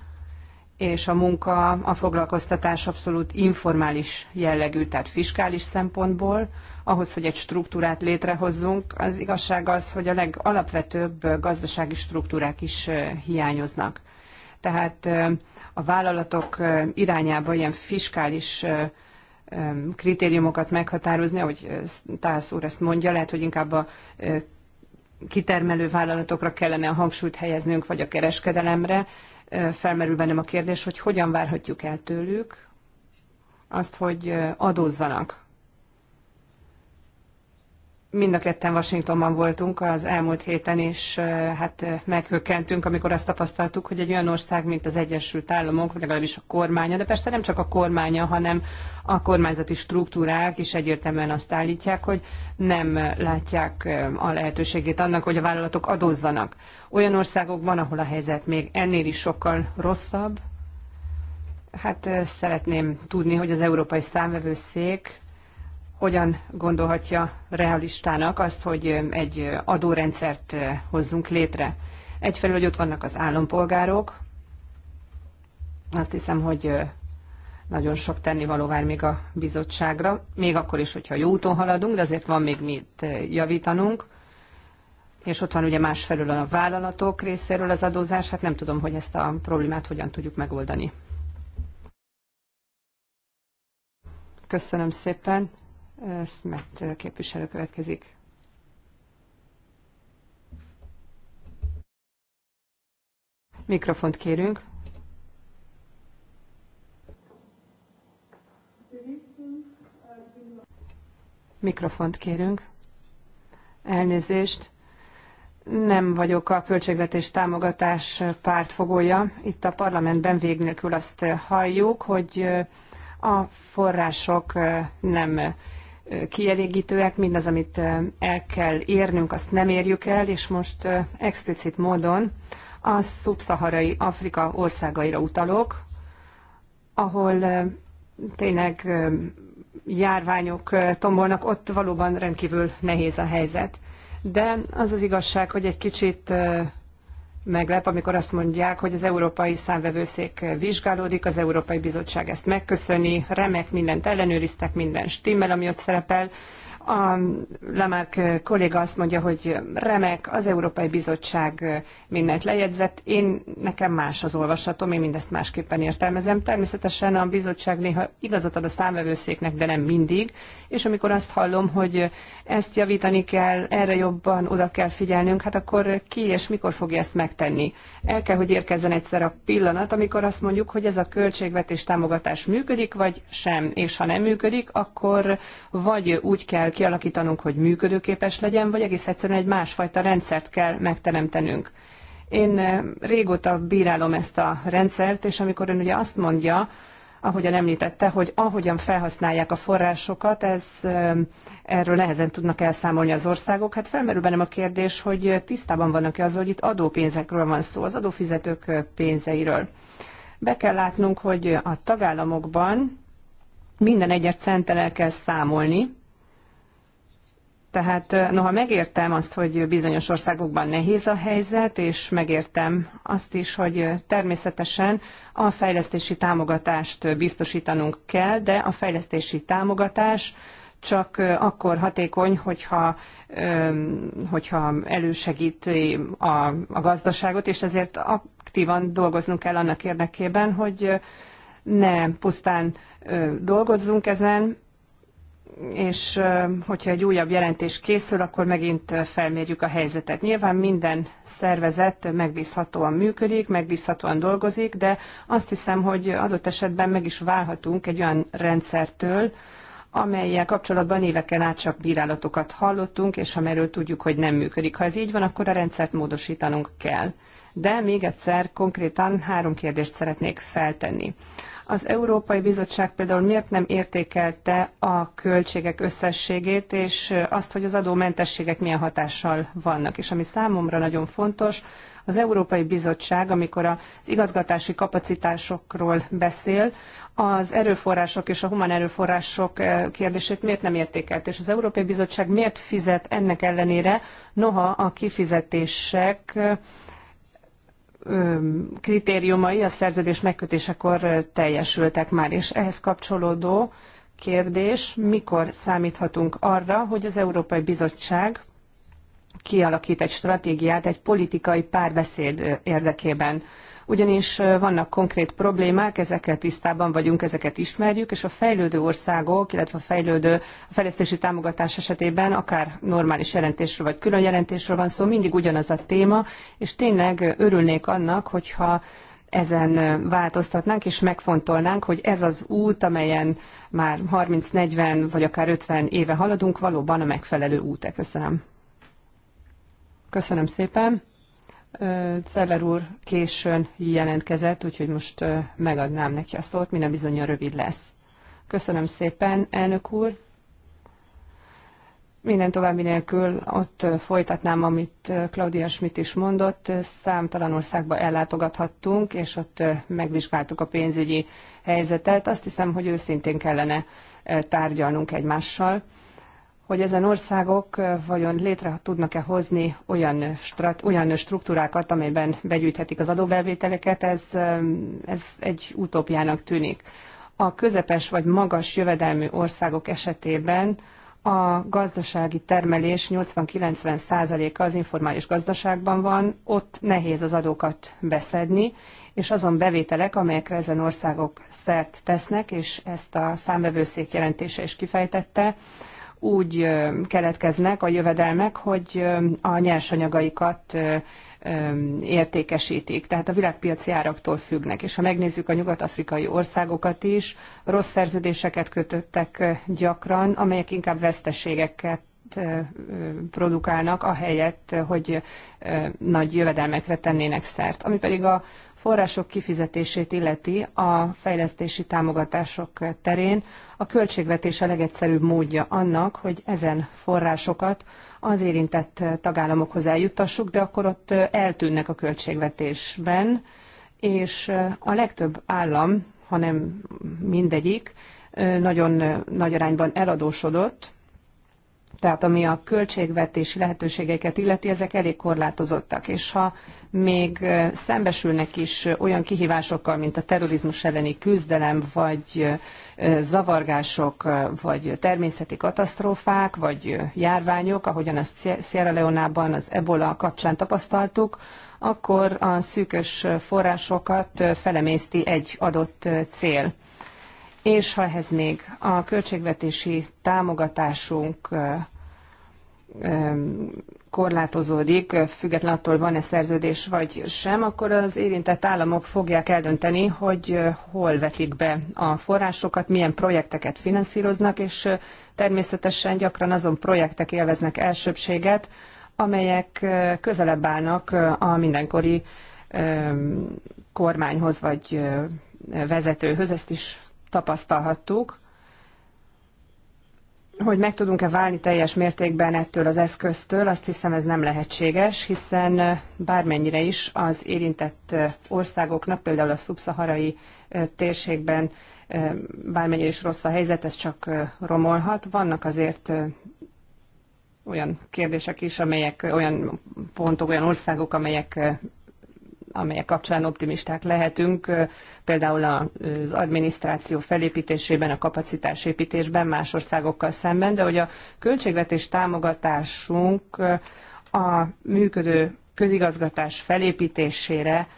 Speaker 2: és a munka, a foglalkoztatás abszolút informális jellegű, tehát fiskális szempontból, ahhoz, hogy egy struktúrát létrehozzunk, az igazság az, hogy a legalapvetőbb gazdasági struktúrák is hiányoznak tehát a vállalatok irányába ilyen fiskális kritériumokat meghatározni, ahogy Tász úr ezt mondja, lehet, hogy inkább a kitermelő vállalatokra kellene a hangsúlyt helyeznünk, vagy a kereskedelemre. Felmerül bennem a kérdés, hogy hogyan várhatjuk el tőlük azt, hogy adózzanak mind a ketten Washingtonban voltunk az elmúlt héten, és hát meghökkentünk, amikor azt tapasztaltuk, hogy egy olyan ország, mint az Egyesült Államok, vagy legalábbis a kormánya, de persze nem csak a kormánya, hanem a kormányzati struktúrák is egyértelműen azt állítják, hogy nem látják a lehetőségét annak, hogy a vállalatok adózzanak. Olyan országokban, ahol a helyzet még ennél is sokkal rosszabb, hát szeretném tudni, hogy az Európai Számvevőszék hogyan gondolhatja realistának azt, hogy egy adórendszert hozzunk létre. Egyfelől, hogy ott vannak az állampolgárok, azt hiszem, hogy nagyon sok tennivaló vár még a bizottságra, még akkor is, hogyha jó úton haladunk, de azért van még mit javítanunk. És ott van ugye másfelől a vállalatok részéről az adózás, hát nem tudom, hogy ezt a problémát hogyan tudjuk megoldani. Köszönöm szépen. Smet képviselő következik. Mikrofont kérünk. Mikrofont kérünk. Elnézést. Nem vagyok a költségvetés támogatás pártfogója. Itt a parlamentben vég nélkül azt halljuk, hogy a források nem kielégítőek, mindaz, amit el kell érnünk, azt nem érjük el, és most explicit módon a szubszaharai Afrika országaira utalok, ahol tényleg járványok tombolnak, ott valóban rendkívül nehéz a helyzet. De az az igazság, hogy egy kicsit meglep, amikor azt mondják, hogy az Európai Számvevőszék vizsgálódik, az Európai Bizottság ezt megköszöni, remek, mindent ellenőriztek, minden stimmel, ami ott szerepel. A Lamarck kolléga azt mondja, hogy remek, az Európai Bizottság mindent lejegyzett. Én nekem más az olvasatom, én mindezt másképpen értelmezem. Természetesen a bizottság néha igazat ad a számvevőszéknek, de nem mindig. És amikor azt hallom, hogy ezt javítani kell, erre jobban oda kell figyelnünk, hát akkor ki és mikor fogja ezt megtenni? El kell, hogy érkezzen egyszer a pillanat, amikor azt mondjuk, hogy ez a költségvetés támogatás működik, vagy sem. És ha nem működik, akkor vagy úgy kell kialakítanunk, hogy működőképes legyen, vagy egész egyszerűen egy másfajta rendszert kell megteremtenünk. Én eh, régóta bírálom ezt a rendszert, és amikor ön ugye azt mondja, ahogyan említette, hogy ahogyan felhasználják a forrásokat, ez, eh, erről nehezen tudnak elszámolni az országok. Hát felmerül bennem a kérdés, hogy tisztában vannak-e azzal, hogy itt adópénzekről van szó, az adófizetők eh, pénzeiről. Be kell látnunk, hogy a tagállamokban minden egyes centtel el kell számolni, tehát eh, noha megértem azt, hogy bizonyos országokban nehéz a helyzet, és megértem azt is, hogy eh, természetesen a fejlesztési támogatást eh, biztosítanunk kell, de a fejlesztési támogatás csak akkor hatékony, hogyha, hogyha elősegíti a, a gazdaságot, és ezért aktívan dolgoznunk kell annak érdekében, hogy ne pusztán dolgozzunk ezen, és hogyha egy újabb jelentés készül, akkor megint felmérjük a helyzetet. Nyilván minden szervezet megbízhatóan működik, megbízhatóan dolgozik, de azt hiszem, hogy adott esetben meg is válhatunk egy olyan rendszertől, amelyel kapcsolatban éveken át csak bírálatokat hallottunk, és amelyről tudjuk, hogy nem működik. Ha ez így van, akkor a rendszert módosítanunk kell de még egyszer konkrétan három kérdést szeretnék feltenni. Az Európai Bizottság például miért nem értékelte a költségek összességét, és azt, hogy az adómentességek milyen hatással vannak. És ami számomra nagyon fontos, az Európai Bizottság, amikor az igazgatási kapacitásokról beszél, az erőforrások és a humán erőforrások eh, kérdését miért nem értékelt, és az Európai Bizottság miért fizet ennek ellenére, noha a kifizetések eh, kritériumai a szerződés megkötésekor teljesültek már, és ehhez kapcsolódó kérdés, mikor számíthatunk arra, hogy az Európai Bizottság kialakít egy stratégiát egy politikai párbeszéd érdekében ugyanis vannak konkrét problémák, ezekkel tisztában vagyunk, ezeket ismerjük, és a fejlődő országok, illetve a fejlődő a fejlesztési támogatás esetében akár normális jelentésről vagy külön jelentésről van szó, mindig ugyanaz a téma, és tényleg örülnék annak, hogyha ezen változtatnánk, és megfontolnánk, hogy ez az út, amelyen már 30-40 vagy akár 50 éve haladunk, valóban a megfelelő út -e. Köszönöm. Köszönöm szépen. Celler úr későn jelentkezett, úgyhogy most megadnám neki a szót, minden bizony rövid lesz. Köszönöm szépen, elnök úr. Minden további nélkül ott folytatnám, amit Claudia Schmidt is mondott. Számtalan országba ellátogathattunk, és ott megvizsgáltuk a pénzügyi helyzetet. Azt hiszem, hogy őszintén kellene tárgyalnunk egymással hogy ezen országok vajon létre tudnak-e hozni olyan, strat, olyan struktúrákat, amelyben begyűjthetik az adóbevételeket, ez, ez egy utópiának tűnik. A közepes vagy magas jövedelmű országok esetében a gazdasági termelés 80-90 a az informális gazdaságban van, ott nehéz az adókat beszedni, és azon bevételek, amelyekre ezen országok szert tesznek, és ezt a számvevőszék jelentése is kifejtette, úgy keletkeznek a jövedelmek, hogy a nyersanyagaikat értékesítik, tehát a világpiaci áraktól függnek. És ha megnézzük a nyugat-afrikai országokat is, rossz szerződéseket kötöttek gyakran, amelyek inkább veszteségeket produkálnak, ahelyett, hogy nagy jövedelmekre tennének szert. Ami pedig a források kifizetését illeti a fejlesztési támogatások terén, a költségvetés a legegyszerűbb módja annak, hogy ezen forrásokat az érintett tagállamokhoz eljuttassuk, de akkor ott eltűnnek a költségvetésben, és a legtöbb állam, hanem mindegyik, nagyon nagy arányban eladósodott, tehát ami a költségvetési lehetőségeket illeti, ezek elég korlátozottak. És ha még szembesülnek is olyan kihívásokkal, mint a terrorizmus elleni küzdelem, vagy zavargások, vagy természeti katasztrófák, vagy járványok, ahogyan azt Sierra Leone-ban az ebola kapcsán tapasztaltuk, akkor a szűkös forrásokat felemészti egy adott cél és ha ehhez még a költségvetési támogatásunk korlátozódik, független attól van-e szerződés vagy sem, akkor az érintett államok fogják eldönteni, hogy hol vetik be a forrásokat, milyen projekteket finanszíroznak, és természetesen gyakran azon projektek élveznek elsőbséget, amelyek közelebb állnak a mindenkori kormányhoz vagy vezetőhöz. Ezt is tapasztalhattuk, hogy meg tudunk-e válni teljes mértékben ettől az eszköztől, azt hiszem ez nem lehetséges, hiszen bármennyire is az érintett országoknak, például a szubszaharai térségben bármennyire is rossz a helyzet, ez csak romolhat. Vannak azért olyan kérdések is, amelyek olyan pontok, olyan országok, amelyek amelyek kapcsán optimisták lehetünk, például az adminisztráció felépítésében, a kapacitásépítésben más országokkal szemben, de hogy a költségvetés támogatásunk a működő közigazgatás felépítésére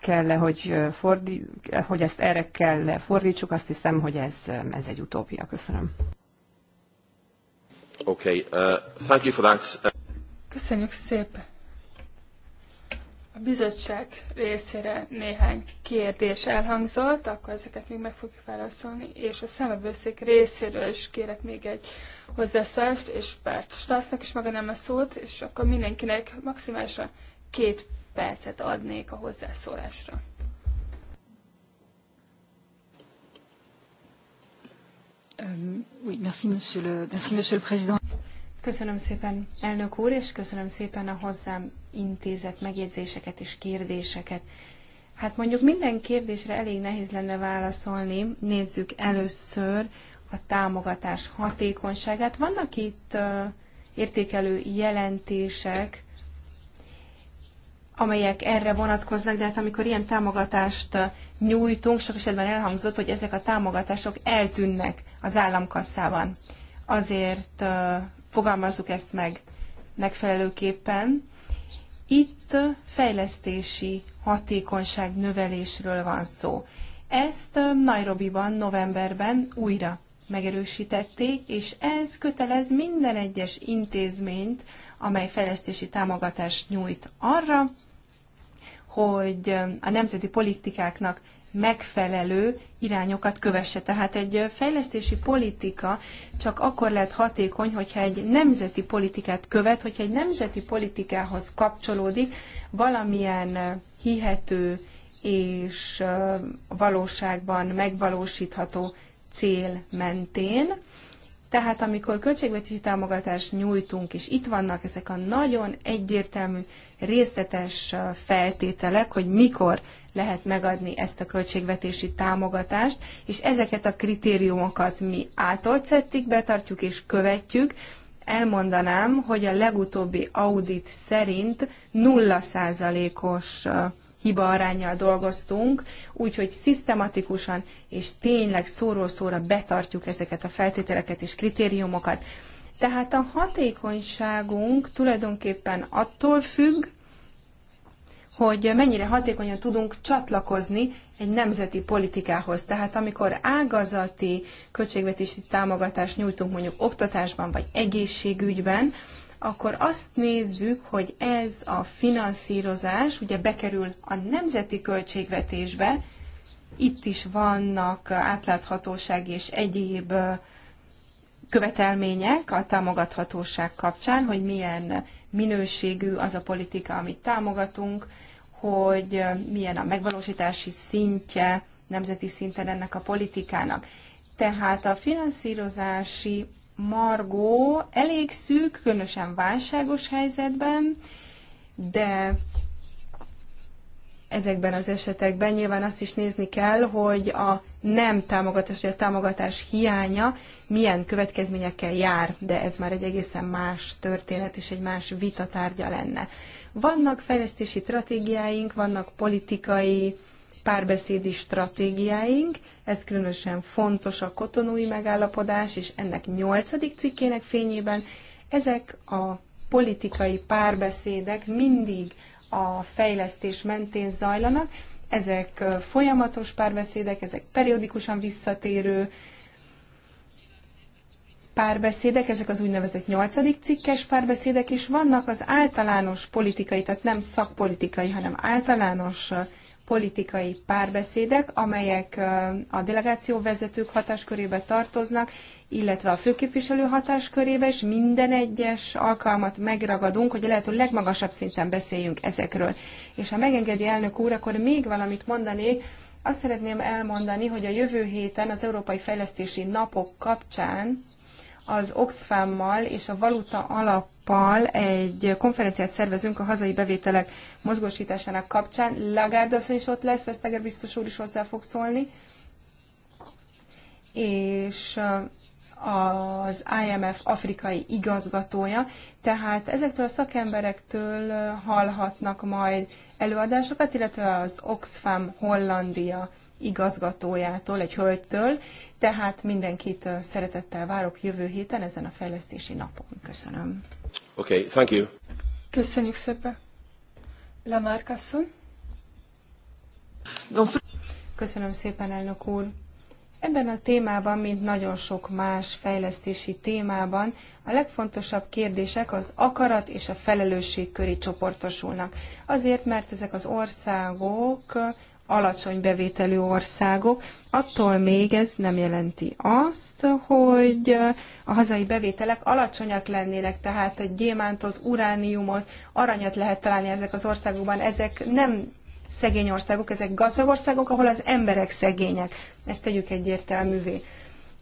Speaker 2: kell hogy, fordi, hogy ezt erre kell fordítsuk, azt hiszem, hogy ez, ez egy utópia. Köszönöm.
Speaker 5: Okay, uh, thank you for that.
Speaker 6: Köszönjük szépen a bizottság részére néhány kérdés elhangzott, akkor ezeket még meg fogjuk válaszolni, és a szemebőszék részéről is kérek még egy hozzászólást, és Bert Strassnak is nem a szót, és akkor mindenkinek maximálisan két percet adnék a hozzászólásra.
Speaker 3: Um,
Speaker 4: oui, merci, monsieur le, merci, monsieur le président. Köszönöm szépen, elnök úr, és köszönöm szépen a hozzám intézett megjegyzéseket és kérdéseket. Hát mondjuk minden kérdésre elég nehéz lenne válaszolni. Nézzük először a támogatás hatékonyságát. Vannak itt értékelő jelentések, amelyek erre vonatkoznak, de hát amikor ilyen támogatást nyújtunk, sok esetben elhangzott, hogy ezek a támogatások eltűnnek az államkasszában. Azért fogalmazzuk ezt meg megfelelőképpen. Itt fejlesztési hatékonyság növelésről van szó. Ezt Nairobiban, novemberben újra megerősítették, és ez kötelez minden egyes intézményt, amely fejlesztési támogatást nyújt arra, hogy a nemzeti politikáknak megfelelő irányokat kövesse. Tehát egy fejlesztési politika csak akkor lehet hatékony, hogyha egy nemzeti politikát követ, hogyha egy nemzeti politikához kapcsolódik valamilyen hihető és valóságban megvalósítható cél mentén, tehát amikor költségvetési támogatást nyújtunk, és itt vannak ezek a nagyon egyértelmű, részletes feltételek, hogy mikor lehet megadni ezt a költségvetési támogatást, és ezeket a kritériumokat mi átolcettik, betartjuk és követjük, elmondanám, hogy a legutóbbi audit szerint 0%-os hiba arányjal dolgoztunk, úgyhogy szisztematikusan és tényleg szóról szóra betartjuk ezeket a feltételeket és kritériumokat. Tehát a hatékonyságunk tulajdonképpen attól függ, hogy mennyire hatékonyan tudunk csatlakozni egy nemzeti politikához. Tehát amikor ágazati költségvetési támogatást nyújtunk mondjuk oktatásban vagy egészségügyben, akkor azt nézzük, hogy ez a finanszírozás ugye bekerül a nemzeti költségvetésbe, itt is vannak átláthatóság és egyéb követelmények a támogathatóság kapcsán, hogy milyen minőségű az a politika, amit támogatunk, hogy milyen a megvalósítási szintje nemzeti szinten ennek a politikának. Tehát a finanszírozási margó elég szűk, különösen válságos helyzetben, de ezekben az esetekben nyilván azt is nézni kell, hogy a nem támogatás, vagy a támogatás hiánya milyen következményekkel jár, de ez már egy egészen más történet és egy más vitatárgya lenne. Vannak fejlesztési stratégiáink, vannak politikai párbeszédi stratégiáink, ez különösen fontos a kotonúi megállapodás és ennek nyolcadik cikkének fényében. Ezek a politikai párbeszédek mindig a fejlesztés mentén zajlanak, ezek folyamatos párbeszédek, ezek periódikusan visszatérő párbeszédek, ezek az úgynevezett nyolcadik cikkes párbeszédek, és vannak az általános politikai, tehát nem szakpolitikai, hanem általános politikai párbeszédek, amelyek a delegáció vezetők hatáskörébe tartoznak, illetve a főképviselő hatáskörébe, és minden egyes alkalmat megragadunk, hogy a lehető legmagasabb szinten beszéljünk ezekről. És ha megengedi elnök úr, akkor még valamit mondanék, azt szeretném elmondani, hogy a jövő héten az Európai Fejlesztési Napok kapcsán az Oxfam-mal és a Valuta Alappal egy konferenciát szervezünk a hazai bevételek mozgósításának kapcsán. Lagarde is ott lesz, Veszteger biztos úr is hozzá fog szólni. És az IMF afrikai igazgatója, tehát ezektől a szakemberektől hallhatnak majd előadásokat, illetve az Oxfam Hollandia igazgatójától, egy hölgytől, tehát mindenkit szeretettel várok jövő héten ezen a fejlesztési napon. Köszönöm. Oké, okay, thank you. Köszönjük szépen. Lamarcasson. Köszönöm szépen, elnök úr. Ebben a témában, mint nagyon sok más fejlesztési témában, a legfontosabb kérdések az akarat és a felelősség köré csoportosulnak. Azért, mert ezek az országok alacsony bevételű országok, attól még ez nem jelenti azt, hogy a hazai bevételek alacsonyak lennének, tehát egy gyémántot, urániumot, aranyat lehet találni ezek az országokban. Ezek nem szegény országok, ezek gazdag országok, ahol az emberek szegények. Ezt tegyük egyértelművé.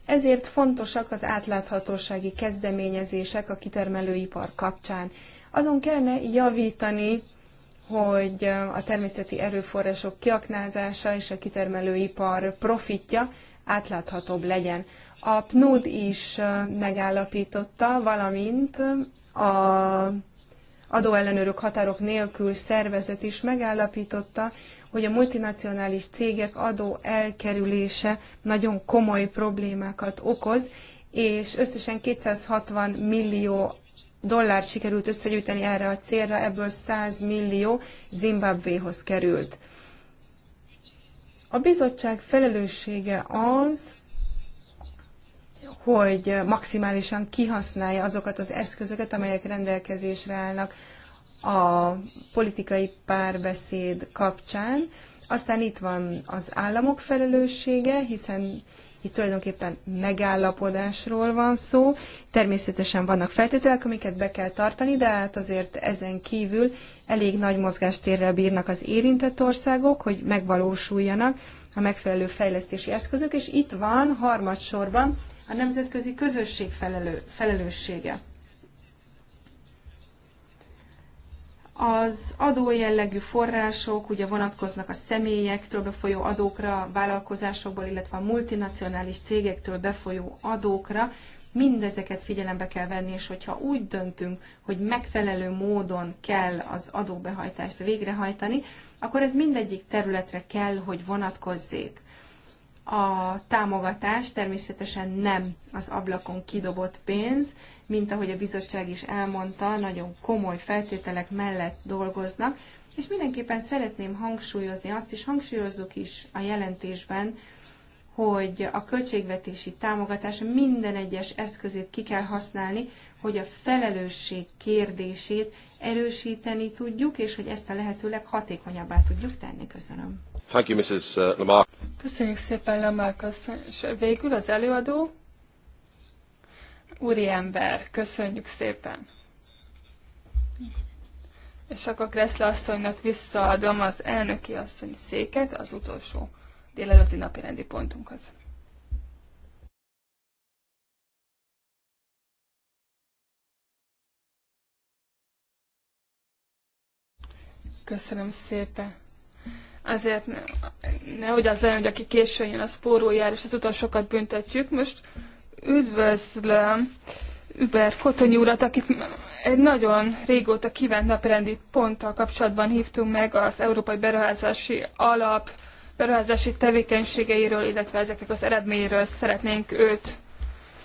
Speaker 4: Ezért fontosak az átláthatósági kezdeményezések a kitermelőipar kapcsán. Azon kellene javítani, hogy a természeti erőforrások kiaknázása és a kitermelőipar profitja átláthatóbb legyen. A PNUD is megállapította, valamint a adóellenőrök határok nélkül szervezet is megállapította, hogy a multinacionális cégek adó elkerülése nagyon komoly problémákat okoz, és összesen 260 millió dollárt sikerült összegyűjteni erre a célra, ebből 100 millió Zimbabvéhoz került. A bizottság felelőssége az, hogy maximálisan kihasználja azokat az eszközöket, amelyek rendelkezésre állnak a politikai párbeszéd kapcsán. Aztán itt van az államok felelőssége, hiszen itt tulajdonképpen megállapodásról van szó. Természetesen vannak feltételek, amiket be kell tartani, de hát azért ezen kívül elég nagy mozgástérrel bírnak az érintett országok, hogy megvalósuljanak a megfelelő fejlesztési eszközök, és itt van harmadsorban a nemzetközi közösség felelő, felelőssége. Az adójellegű források ugye vonatkoznak a személyektől befolyó adókra, a vállalkozásokból, illetve a multinacionális cégektől befolyó adókra. Mindezeket figyelembe kell venni, és hogyha úgy döntünk, hogy megfelelő módon kell az adóbehajtást végrehajtani, akkor ez mindegyik területre kell, hogy vonatkozzék. A támogatás természetesen nem az ablakon kidobott pénz, mint ahogy a bizottság is elmondta, nagyon komoly feltételek mellett dolgoznak, és mindenképpen szeretném hangsúlyozni, azt is hangsúlyozzuk is a jelentésben, hogy a költségvetési támogatás minden egyes eszközét ki kell használni, hogy a felelősség kérdését erősíteni tudjuk, és hogy ezt a lehetőleg hatékonyabbá tudjuk tenni. Köszönöm.
Speaker 5: Thank you, Mrs. Lamarck.
Speaker 6: Köszönjük szépen, Lamarck asszony. És végül az előadó úriember, köszönjük szépen! És akkor Kreszle asszonynak visszaadom az elnöki asszony széket az utolsó délelőtti napi rendi pontunkhoz. Köszönöm szépen. Azért nehogy ne, az legyen, hogy aki későn jön, az pórul jár, és az utolsókat büntetjük. Most Üdvözlöm Über Kotonyi urat, akit egy nagyon régóta kívánt naprendi ponttal kapcsolatban hívtunk meg az Európai Beruházási Alap beruházási tevékenységeiről, illetve ezeknek az eredményéről szeretnénk őt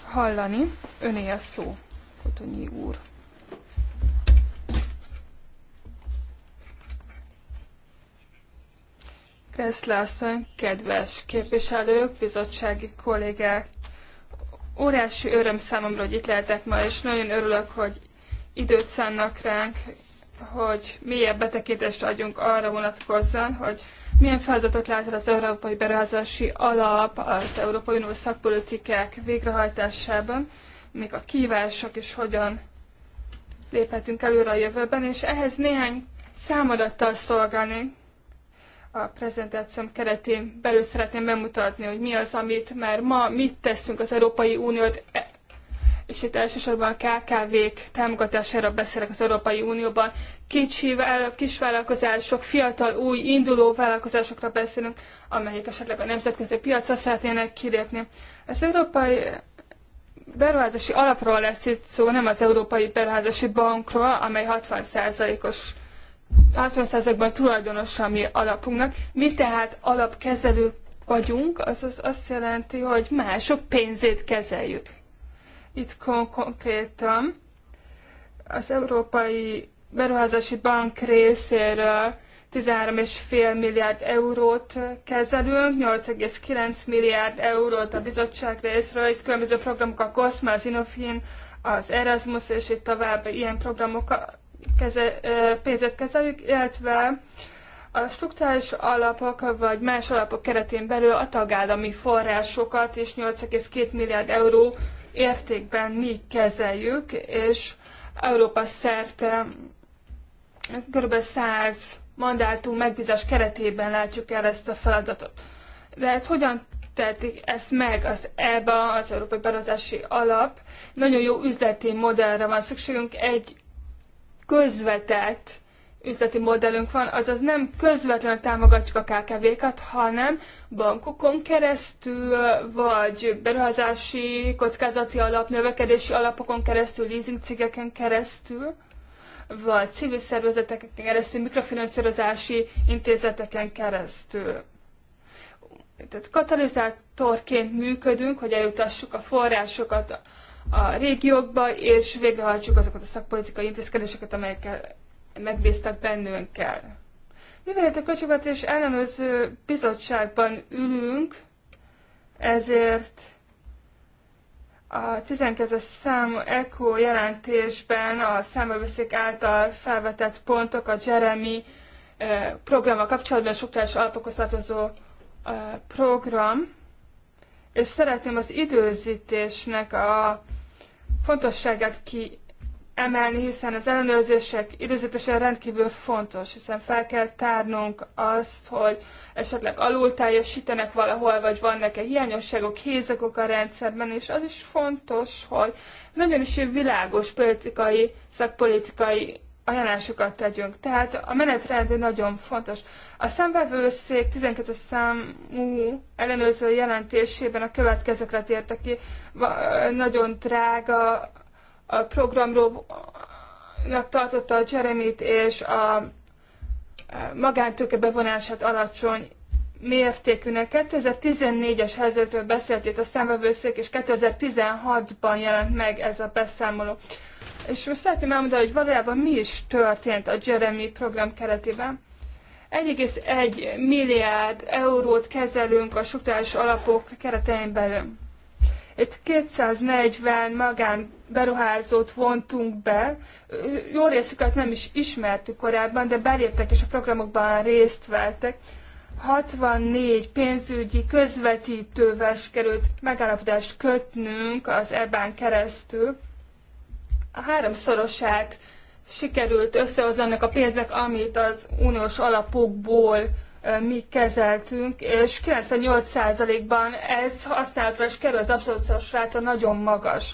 Speaker 6: hallani. Öné a szó, Kotonyi úr. Kreszle asszony, kedves képviselők, bizottsági kollégák, Óriási öröm számomra, hogy itt lehetek ma, és nagyon örülök, hogy időt szánnak ránk, hogy mélyebb betekintést adjunk arra vonatkozzon, hogy milyen feladatot lát az Európai Beruházási Alap az Európai Unió szakpolitikák végrehajtásában, mik a kívások és hogyan léphetünk előre a jövőben, és ehhez néhány számadattal szolgálni a prezentációm keretén belül szeretném bemutatni, hogy mi az, amit már ma mit teszünk az Európai Uniót, és itt elsősorban a KKV-k támogatására beszélek az Európai Unióban. Kicsi kisvállalkozások, fiatal, új, induló vállalkozásokra beszélünk, amelyek esetleg a nemzetközi piacra szeretnének kilépni. Az Európai Beruházási Alapról lesz itt szó, nem az Európai Beruházási Bankról, amely 60%-os 60%-ban tulajdonos a mi alapunknak. Mi tehát alapkezelők vagyunk, azaz azt jelenti, hogy mások pénzét kezeljük. Itt kon- konkrétan az Európai Beruházási Bank részéről 13,5 milliárd eurót kezelünk, 8,9 milliárd eurót a bizottság részről, itt különböző programok a COSMA, az Inofin, az Erasmus és itt tovább ilyen programok keze, pénzet kezeljük, illetve a struktúrális alapok vagy más alapok keretén belül a tagállami forrásokat és 8,2 milliárd euró értékben mi kezeljük, és Európa szerte kb. 100 mandátum megbízás keretében látjuk el ezt a feladatot. De hát hogyan tették ezt meg az EBA, az Európai Berozási Alap? Nagyon jó üzleti modellre van szükségünk, egy közvetett üzleti modellünk van, azaz nem közvetlenül támogatjuk a KKV-kat, hanem bankokon keresztül, vagy beruházási, kockázati alap, növekedési alapokon keresztül, leasing cégeken keresztül, vagy civil szervezeteken keresztül, mikrofinanszírozási intézeteken keresztül. Tehát katalizátorként működünk, hogy eljutassuk a forrásokat a régiókba, és végrehajtsuk azokat a szakpolitikai intézkedéseket, amelyekkel megbíztak bennünkkel. Mivel itt a Költségvetés ellenőrző bizottságban ülünk, ezért a 12 számú ECO jelentésben a számbeveszék által felvetett pontok a Jeremy eh, programmal kapcsolatban a struktúrás alapokhoz tartozó eh, program, és szeretném az időzítésnek a fontosságát kiemelni, hiszen az ellenőrzések időzítése rendkívül fontos, hiszen fel kell tárnunk azt, hogy esetleg alul teljesítenek valahol, vagy vannak-e hiányosságok, hézagok a rendszerben, és az is fontos, hogy nagyon is világos politikai, szakpolitikai ajánlásokat tegyünk. Tehát a menetrend nagyon fontos. A szemvevőszék 12 számú ellenőrző jelentésében a következőkre tértek ki. Nagyon drága a programról tartotta a jeremy és a magántőke bevonását alacsony mértékűnek. 2014-es helyzetről beszélt itt a szemvevőszék, és 2016-ban jelent meg ez a beszámoló. És most szeretném elmondani, hogy valójában mi is történt a Jeremy program keretében. 1,1 milliárd eurót kezelünk a struktúrális alapok keretein belül. Itt 240 magán beruházót vontunk be, jó részüket nem is ismertük korábban, de beléptek és a programokban részt vettek. 64 pénzügyi közvetítővel sikerült megállapodást kötnünk az EBAN keresztül, a háromszorosát sikerült összehozni annak a pénznek, amit az uniós alapokból mi kezeltünk, és 98%-ban ez használatra is kerül, az abszolút ráta nagyon magas.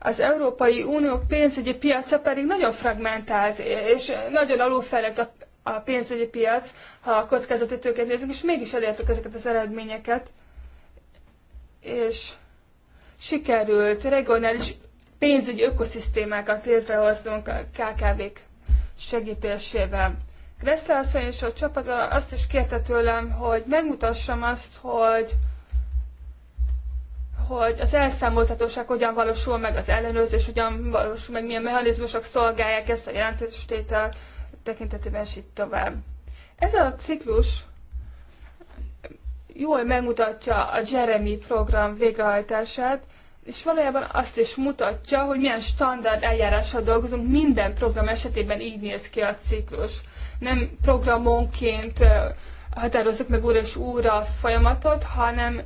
Speaker 6: Az Európai Unió pénzügyi piaca pedig nagyon fragmentált, és nagyon alulfejlett a, a pénzügyi piac, ha a kockázati tőkét nézzük, és mégis elértük ezeket az eredményeket. És sikerült regionális pénzügyi ökoszisztémákat létrehozunk, a KKV-k segítésével. Gressler asszony és a csapata azt is kérte tőlem, hogy megmutassam azt, hogy hogy az elszámoltatóság hogyan valósul meg, az ellenőrzés hogyan valósul meg, milyen mechanizmusok szolgálják ezt a jelentéstétel tekintetében, is itt tovább. Ez a ciklus jól megmutatja a Jeremy program végrehajtását, és valójában azt is mutatja, hogy milyen standard eljárással dolgozunk. Minden program esetében így néz ki a ciklus. Nem programonként határozzuk meg újra és újra a folyamatot, hanem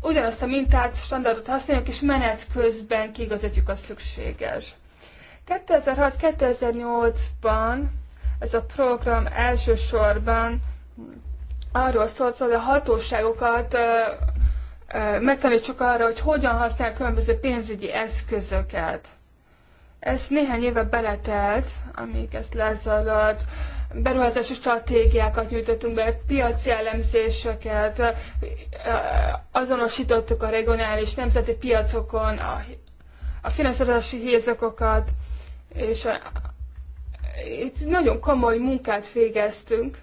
Speaker 6: ugyanazt a mintát, standardot használjuk, és menet közben kigazítjuk a szükséges. 2006-2008-ban ez a program elsősorban arról szólt, hogy a hatóságokat megtanítsuk arra, hogy hogyan használ különböző pénzügyi eszközöket. Ez néhány éve beletelt, amíg ezt lezajlott, beruházási stratégiákat nyújtottunk be, piaci elemzéseket, azonosítottuk a regionális nemzeti piacokon a, a finanszírozási hézakokat, és a, itt nagyon komoly munkát végeztünk,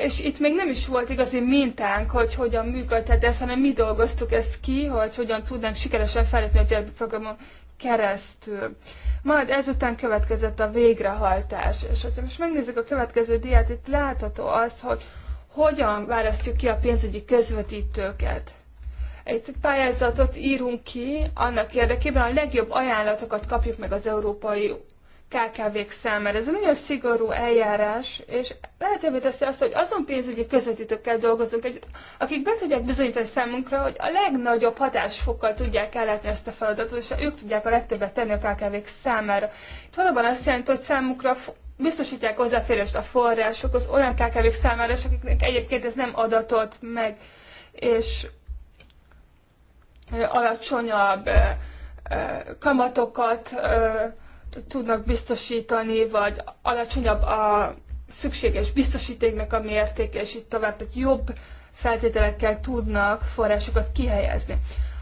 Speaker 6: és itt még nem is volt igazi mintánk, hogy hogyan működhet ez, hanem mi dolgoztuk ezt ki, hogy hogyan tudnánk sikeresen fellépni a gyermek programon keresztül. Majd ezután következett a végrehajtás. És hogyha most megnézzük a következő diát, itt látható az, hogy hogyan választjuk ki a pénzügyi közvetítőket. Egy pályázatot írunk ki annak érdekében, a legjobb ajánlatokat kapjuk meg az Európai KKV-k számára. Ez egy nagyon szigorú eljárás, és lehetővé teszi azt, hogy azon pénzügyi közvetítőkkel dolgozunk együtt, akik be tudják bizonyítani számunkra, hogy a legnagyobb hatásfokkal tudják ellátni ezt a feladatot, és ők tudják a legtöbbet tenni a KKV-k számára. Itt valóban azt jelenti, hogy számukra biztosítják hozzáférést a forrásokhoz olyan KKV-k számára, és akiknek egyébként ez nem adatot meg, és alacsonyabb kamatokat tudnak biztosítani, vagy alacsonyabb a szükséges biztosítéknek a mértéke, és így tovább, tehát jobb feltételekkel tudnak forrásokat kihelyezni.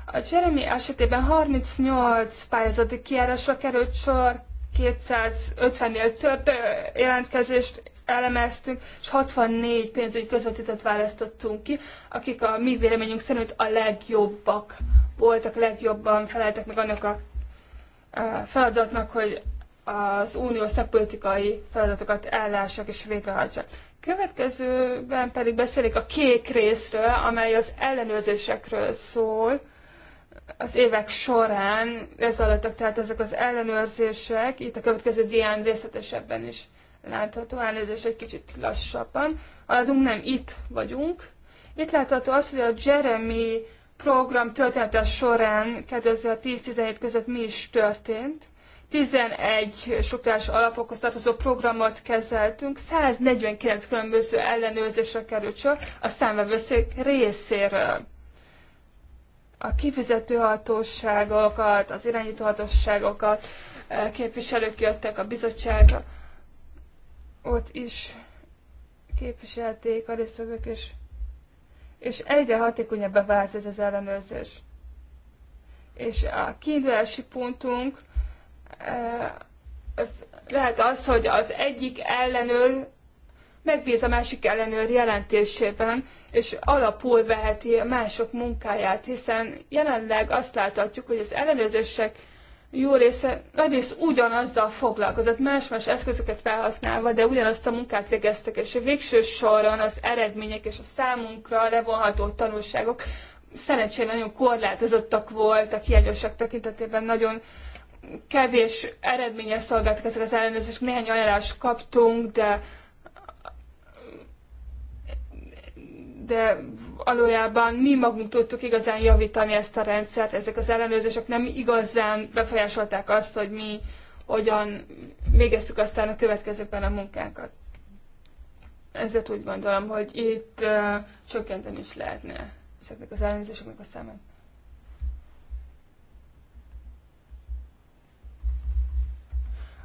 Speaker 6: A Jeremy esetében 38 pályázati kiárásra került sor, 250-nél több jelentkezést elemeztünk, és 64 pénzügyi közvetítőt választottunk ki, akik a mi véleményünk szerint a legjobbak voltak, legjobban feleltek meg annak a feladatnak, hogy az unió szakpolitikai feladatokat ellássak és végrehajtsak. Következőben pedig beszélik a kék részről, amely az ellenőrzésekről szól. Az évek során ez alattak, tehát ezek az ellenőrzések, itt a következő dián részletesebben is látható, elnézést egy kicsit lassabban. Haladunk, nem itt vagyunk. Itt látható az, hogy a Jeremy program története során 2010-17 között mi is történt. 11 struktúrás alapokhoz tartozó programot kezeltünk, 149 különböző ellenőrzésre került sor a számvevőszék részéről. A kifizető hatóságokat, az irányító hatóságokat, eh, képviselők jöttek, a bizottság ott is képviselték a résztvevők, és és egyre hatékonyabbá vált ez az ellenőrzés. És a kiindulási pontunk e, az lehet az, hogy az egyik ellenőr megbíz a másik ellenőr jelentésében, és alapul veheti mások munkáját, hiszen jelenleg azt láthatjuk, hogy az ellenőrzések jó része, nagy rész ugyanazzal foglalkozott, más-más eszközöket felhasználva, de ugyanazt a munkát végeztek, és a végső soron az eredmények és a számunkra levonható tanulságok szerencsére nagyon korlátozottak voltak, hiányosak tekintetében nagyon kevés eredménye szolgáltak ezek az ellenőrzések, néhány ajánlást kaptunk, de de valójában mi magunk tudtuk igazán javítani ezt a rendszert, ezek az ellenőrzések nem igazán befolyásolták azt, hogy mi hogyan végeztük aztán a következőkben a munkánkat. Ezért úgy gondolom, hogy itt uh, csökkenteni is lehetne ezeknek az ellenőrzéseknek a számát.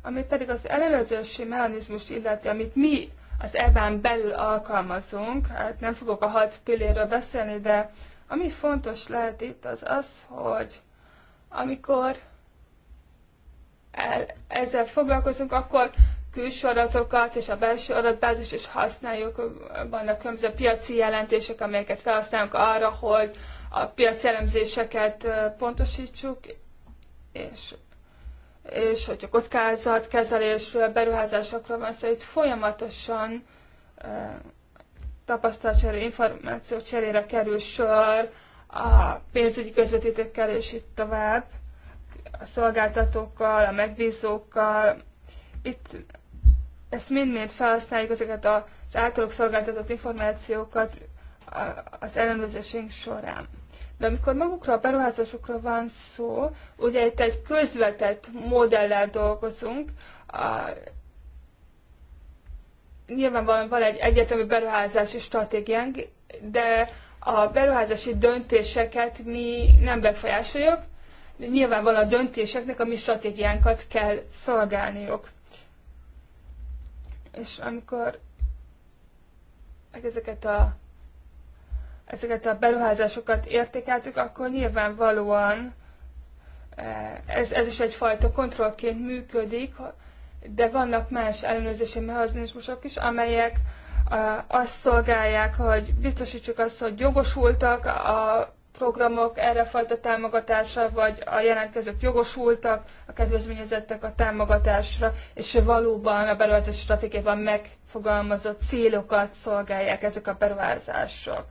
Speaker 6: Ami pedig az ellenőrzési mechanizmust illeti, amit mi az EBÁN belül alkalmazunk. Hát nem fogok a hat pilléről beszélni, de ami fontos lehet itt az az, hogy amikor el, ezzel foglalkozunk, akkor külső adatokat és a belső adatbázis is használjuk, vannak különböző piaci jelentések, amelyeket felhasználunk arra, hogy a piaci elemzéseket pontosítsuk, és és hogyha kockázatkezelésről, beruházásokról van szó, szóval itt folyamatosan tapasztalatcsere, információ cserére kerül sor, a pénzügyi közvetítőkkel és itt tovább, a szolgáltatókkal, a megbízókkal. Itt ezt mind-mind felhasználjuk, ezeket az általuk szolgáltatott információkat az ellenőrzésünk során. De amikor magukra a beruházásokra van szó, ugye itt egy közvetett modellel dolgozunk, a, nyilván van egy egyetemi beruházási stratégiánk, de a beruházási döntéseket mi nem befolyásoljuk, van a döntéseknek a mi stratégiánkat kell szolgálniuk. És amikor ezeket a ezeket a beruházásokat értékeltük, akkor nyilvánvalóan eh, ez, ez is egyfajta kontrollként működik, de vannak más ellenőrzési mechanizmusok is, amelyek eh, azt szolgálják, hogy biztosítsuk azt, hogy jogosultak a programok erre fajta támogatásra, vagy a jelentkezők jogosultak, a kedvezményezettek a támogatásra, és valóban a beruházási stratégiában megfogalmazott célokat szolgálják ezek a beruházások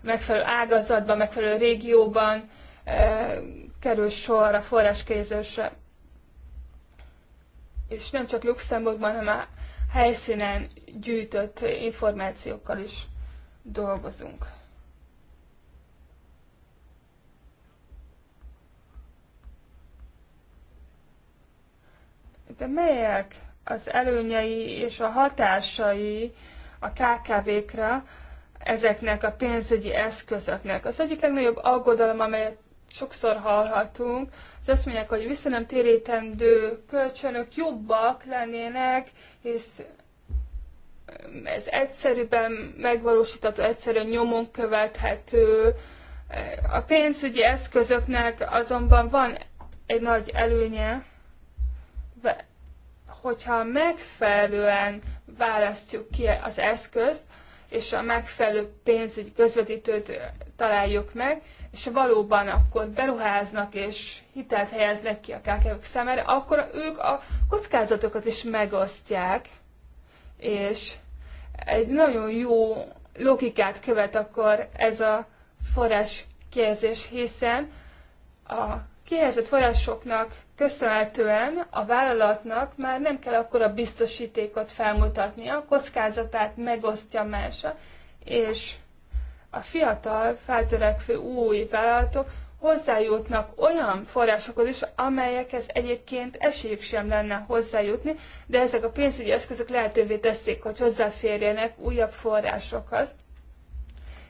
Speaker 6: megfelelő ágazatban, megfelelő régióban eh, kerül sor a forráskézésre. És nem csak Luxemburgban, hanem a helyszínen gyűjtött információkkal is dolgozunk. De melyek az előnyei és a hatásai a KKV-kra ezeknek a pénzügyi eszközöknek. Az egyik legnagyobb aggodalom, amelyet sokszor hallhatunk, az azt mondják, hogy vissza nem térítendő kölcsönök jobbak lennének, és eh, ez egyszerűben megvalósítható, egyszerűen nyomon követhető. Eh, a pénzügyi eszközöknek azonban van egy nagy előnye, hogyha megfelelően választjuk ki az eszközt, és a megfelelő pénzügyi közvetítőt találjuk meg, és ha valóban akkor beruháznak és hitelt helyeznek ki a kkv számára, akkor ők a kockázatokat is megosztják, és egy nagyon jó logikát követ akkor ez a forrás kérdés, hiszen a kihelyezett forrásoknak köszönhetően a vállalatnak már nem kell akkor a biztosítékot felmutatnia, a kockázatát megosztja másra, és a fiatal, feltörekvő új vállalatok hozzájutnak olyan forrásokhoz is, amelyekhez egyébként esélyük sem lenne hozzájutni, de ezek a pénzügyi eszközök lehetővé teszik, hogy hozzáférjenek újabb forrásokhoz.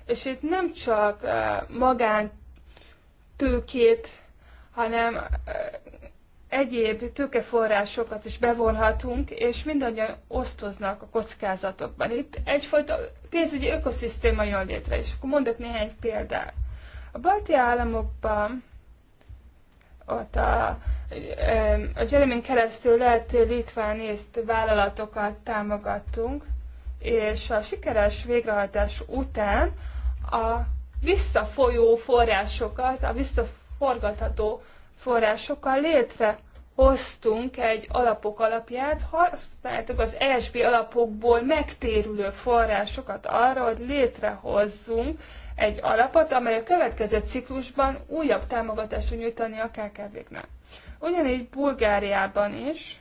Speaker 6: És itt nem csak eh, magántőkét hanem eh, egyéb tőkeforrásokat is bevonhatunk, és mindannyian osztoznak a kockázatokban. Itt egyfajta pénzügyi ökoszisztéma jön létre, és akkor mondok néhány példát. A balti államokban ott a, a Jeremy keresztül lehet litván észt vállalatokat támogattunk, és a sikeres végrehajtás után a visszafolyó forrásokat, a visszafolyó forgatható forrásokkal létrehoztunk egy alapok alapját, használtuk az ESB alapokból megtérülő forrásokat arra, hogy létrehozzunk egy alapot, amely a következő ciklusban újabb támogatást nyújtani a KKV-knek. Ugyanígy Bulgáriában is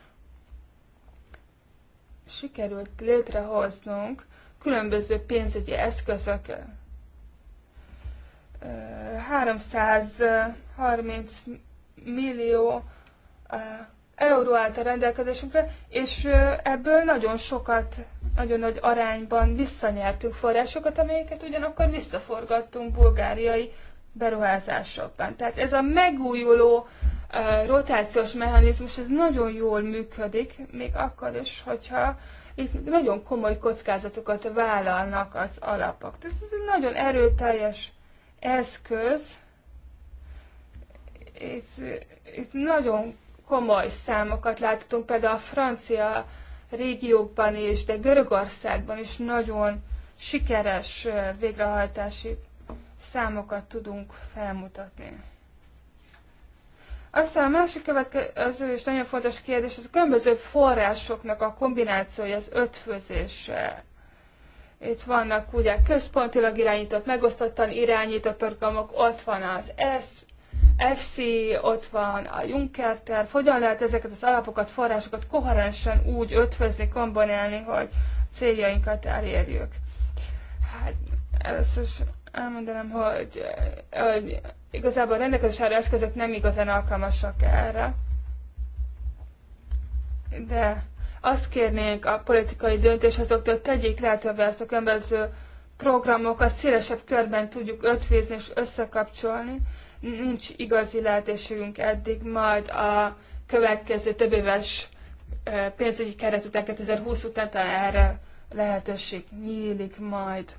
Speaker 6: sikerült létrehoznunk különböző pénzügyi eszközökkel 330 millió euró állt a rendelkezésünkre, és ebből nagyon sokat, nagyon nagy arányban visszanyertünk forrásokat, amelyeket ugyanakkor visszaforgattunk bulgáriai beruházásokban. Tehát ez a megújuló rotációs mechanizmus, ez nagyon jól működik, még akkor is, hogyha itt nagyon komoly kockázatokat vállalnak az alapok. Tehát ez egy nagyon erőteljes eszköz, itt, itt nagyon komoly számokat láthatunk, például a francia régiókban is, de Görögországban is nagyon sikeres végrehajtási számokat tudunk felmutatni. Aztán a másik következő és nagyon fontos kérdés, az a különböző forrásoknak a kombinációja az ötfőzéssel. Itt vannak ugye központilag irányított, megosztottan irányított programok, ott van az ESZ, FC, ott van a Juncker terv, hogyan lehet ezeket az alapokat, forrásokat koherensen úgy ötvözni, kombinálni, hogy céljainkat elérjük. Hát először is elmondanám, hogy, hogy igazából a rendelkezésre eszközök nem igazán alkalmasak erre, de azt kérnénk a politikai hogy tegyék lehetővé ezt a különböző programokat, szélesebb körben tudjuk ötvözni és összekapcsolni. Nincs igazi lehetőségünk eddig, majd a következő több éves pénzügyi keret után 2020 után talán erre lehetőség nyílik majd.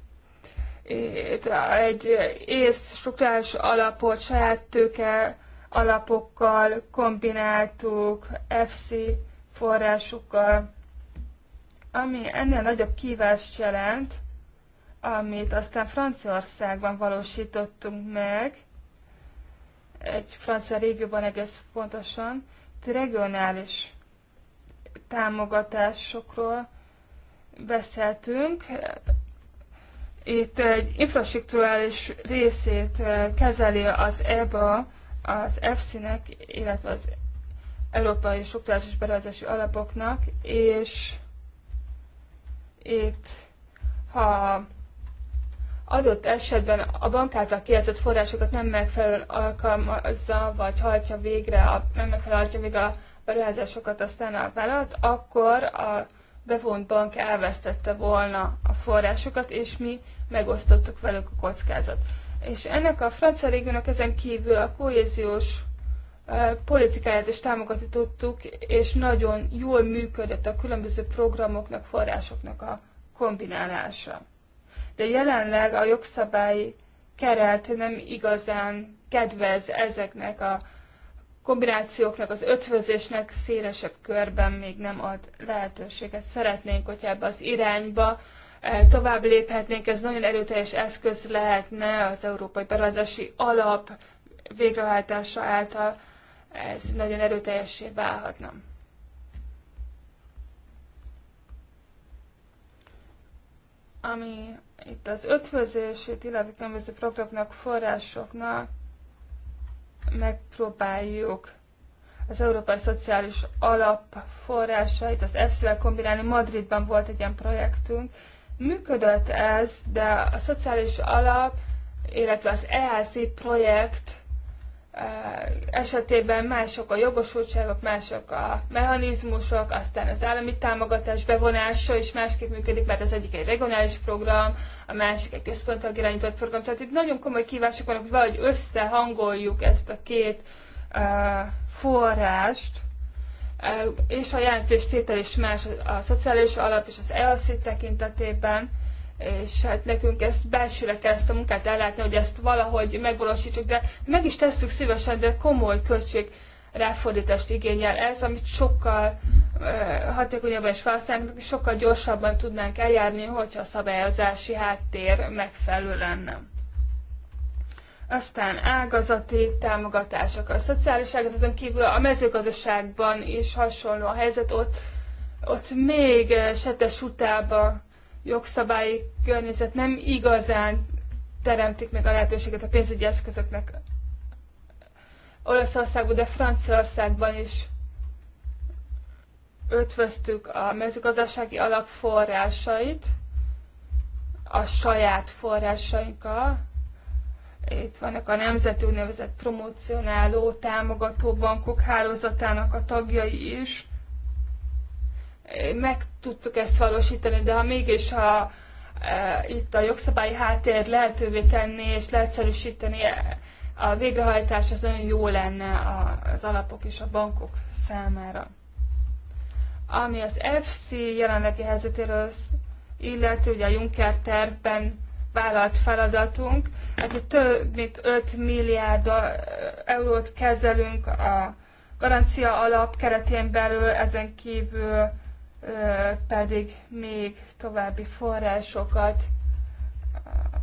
Speaker 6: Itt egy ész struktúrális alapot saját tőke alapokkal kombináltuk, FC forrásukkal, ami ennél nagyobb kívást jelent, amit aztán Franciaországban valósítottunk meg, egy francia régióban egész pontosan, regionális támogatásokról beszéltünk. Itt egy infrastruktúrális részét eh, kezeli az EBA, az EFSZ-nek, illetve az európai struktúrás és beruházási alapoknak, és itt, ha adott esetben a bank által kijelzett forrásokat nem megfelelően alkalmazza, vagy hajtja végre, a, nem megfelelő hajtja végre a beruházásokat aztán a vállalat, akkor a bevont bank elvesztette volna a forrásokat, és mi megosztottuk velük a kockázat. És ennek a francia régiónak ezen kívül a kohéziós politikáját is támogatítottuk, és nagyon jól működött a különböző programoknak, forrásoknak a kombinálása. De jelenleg a jogszabályi keret nem igazán kedvez ezeknek a kombinációknak, az ötvözésnek szélesebb körben még nem ad lehetőséget. Szeretnénk, hogyha ebbe az irányba tovább léphetnénk, ez nagyon erőteljes eszköz lehetne az Európai Beruházási Alap végrehajtása által, ez nagyon erőteljessé válhatna. Ami itt az ötvözését, illetve különböző programoknak, forrásoknak megpróbáljuk az Európai Szociális Alap forrásait, az EFSZ-vel kombinálni. Madridban volt egy ilyen projektünk. Működött ez, de a Szociális Alap, illetve az EASZ projekt esetében mások a jogosultságok, mások a mechanizmusok, aztán az állami támogatás bevonása is másképp működik, mert az egyik egy regionális program, a másik egy központilag irányított program. Tehát itt nagyon komoly kívások vannak, hogy valahogy összehangoljuk ezt a két uh, forrást, uh, és a jelentéstétel is más a, szociális alap és az EASZI tekintetében és hát nekünk ezt belsőre kell ezt a munkát ellátni, hogy ezt valahogy megvalósítsuk, de meg is tesszük szívesen, de komoly költség ráfordítást igényel ez, amit sokkal hatékonyabban és felhasználunk, és sokkal gyorsabban tudnánk eljárni, hogyha a szabályozási háttér megfelelő lenne. Aztán ágazati támogatások. A szociális ágazaton kívül a mezőgazdaságban is hasonló a helyzet, ott, ott még setes utába jogszabályi környezet nem igazán teremtik meg a lehetőséget a pénzügyi eszközöknek Olaszországban, de Franciaországban is ötvöztük a mezőgazdasági alap forrásait a saját forrásainkkal. Itt vannak a nemzeti úgynevezett promocionáló, támogató bankok hálózatának a tagjai is, meg tudtuk ezt valósítani, de ha mégis ha e, itt a jogszabályi háttér lehetővé tenni és leegyszerűsíteni e, a végrehajtás, az nagyon jó lenne az alapok és a bankok számára. Ami az FC jelenlegi helyzetéről illeti, ugye a Juncker tervben vállalt feladatunk, hát itt több mint 5 milliárd e, eurót kezelünk a garancia alap keretén belül, ezen kívül pedig még további forrásokat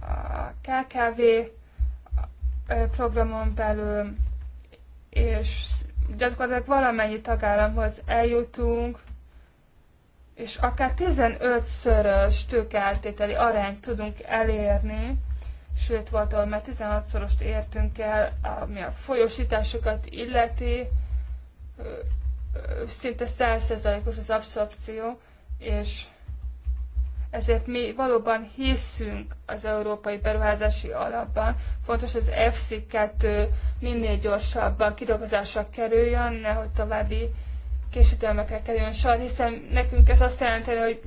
Speaker 6: a KKV programon belül, és gyakorlatilag valamennyi tagállamhoz eljutunk, és akár 15-szörös tőkeáltételi arányt tudunk elérni, sőt volt, ahol már 16-szorost értünk el, ami a folyosításokat illeti, szinte 100%-os az abszorpció, és ezért mi valóban hiszünk az Európai Beruházási Alapban. Fontos, hogy az FC2 minél gyorsabban kidolgozásra kerüljön, nehogy további késődelmekkel kerüljön sor, hiszen nekünk ez azt jelenti, hogy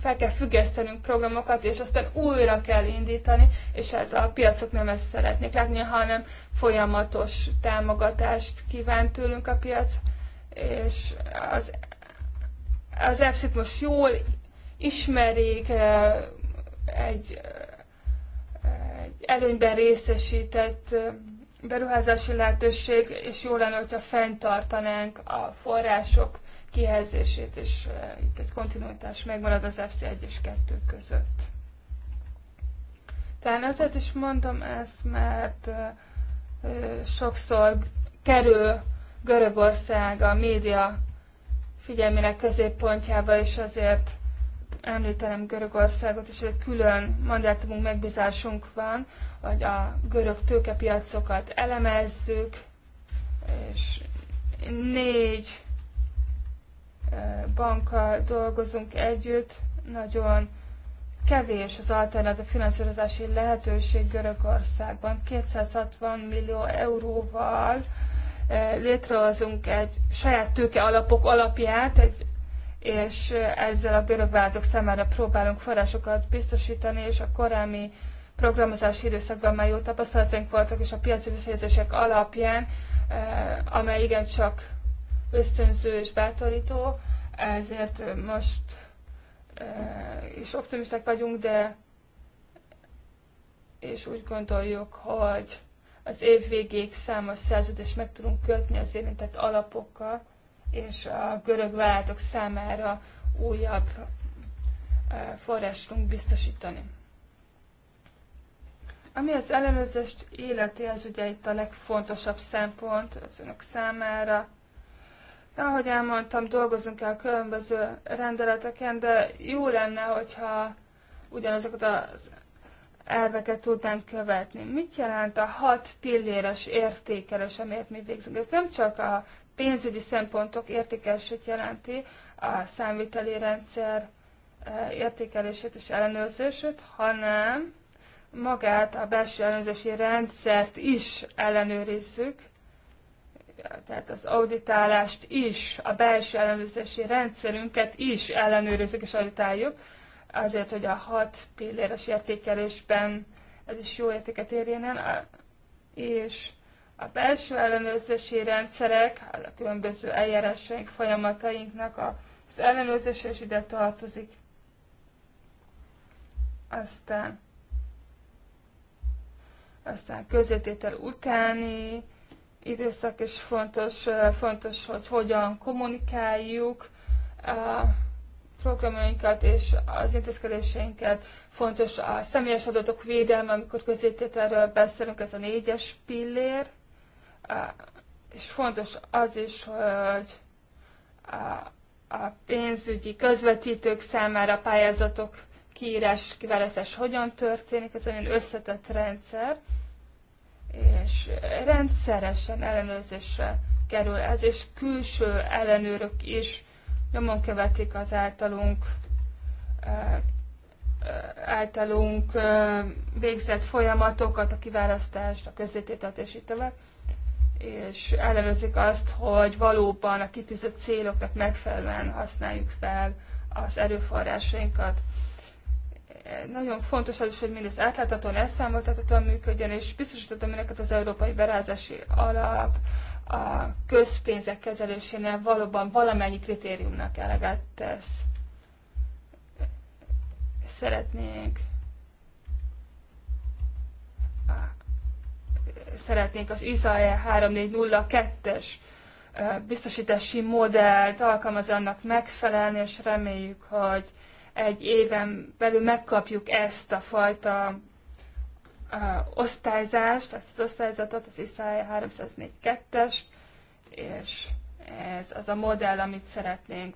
Speaker 6: fel kell függesztenünk programokat, és aztán újra kell indítani, és hát a piacok nem ezt szeretnék látni, hanem folyamatos támogatást kíván tőlünk a piac és az, az EPSZ-t most jól ismerik, egy, egy előnyben részesített beruházási lehetőség, és jó lenne, hogyha fenntartanánk a források kihelyezését, és itt egy kontinuitás megmarad az FC1 és 2 között. Tehát azért is mondom ezt, mert sokszor kerül Görögország a média figyelmének középpontjába, és azért említenem Görögországot, és egy külön mandátumunk, megbízásunk van, hogy a görög tőkepiacokat elemezzük, és négy bankkal dolgozunk együtt, nagyon kevés az alternatív finanszírozási lehetőség Görögországban. 260 millió euróval Eh, létrehozunk egy saját tőke alapok alapját, egy, és eh, ezzel a görög váltók számára próbálunk forrásokat biztosítani, és a korábbi programozási időszakban már jó tapasztalataink voltak, és a piaci visszajelzések alapján, eh, amely igencsak ösztönző és bátorító, ezért most is optimisták vagyunk, de és úgy gondoljuk, hogy az év végéig számos szerződést meg tudunk kötni az érintett alapokkal, és a görög vállalatok számára újabb forrást tudunk biztosítani. Ami az ellenőrzést életi, az ugye itt a legfontosabb szempont az önök számára. De, ahogy elmondtam, dolgozunk el különböző rendeleteken, de jó lenne, hogyha ugyanazokat az elveket tudnánk követni. Mit jelent a hat pilléres értékelés, amelyet mi végzünk? Ez nem csak a pénzügyi szempontok értékelését jelenti, a számviteli rendszer eh, értékelését és ellenőrzését, hanem magát a belső ellenőrzési rendszert is ellenőrizzük, tehát az auditálást is, a belső ellenőrzési rendszerünket is ellenőrizzük és auditáljuk, azért, hogy a hat pilléres értékelésben ez is jó értéket érjen el, és a belső ellenőrzési rendszerek, a különböző eljárásaink, folyamatainknak az ellenőrzése is ide tartozik. Aztán, aztán közvetétel utáni időszak is fontos, fontos, hogy hogyan kommunikáljuk, programjainkat és az intézkedéseinket. Fontos a személyes adatok védelme, amikor közétételről beszélünk, ez a négyes pillér. És fontos az is, hogy a pénzügyi közvetítők számára a pályázatok kiírás és kiválasztás hogyan történik, ez egy összetett rendszer, és rendszeresen ellenőrzésre kerül ez, és külső ellenőrök is nyomon követik az általunk általunk végzett folyamatokat, a kiválasztást, a közzétételt és így tovább, és ellenőrzik azt, hogy valóban a kitűzött céloknak megfelelően használjuk fel az erőforrásainkat. Nagyon fontos az is, hogy mindez átláthatóan, elszámoltathatóan működjön, és biztosítatom önöket az Európai Berázási Alap a közpénzek kezelésénél valóban valamennyi kritériumnak eleget tesz. Szeretnénk szeretnénk az ISAE 3402-es biztosítási modellt alkalmazni, annak megfelelni, és reméljük, hogy egy éven belül megkapjuk ezt a fajta osztályzást, ezt az osztályzatot, az 304 2 es és ez az a modell, amit szeretnénk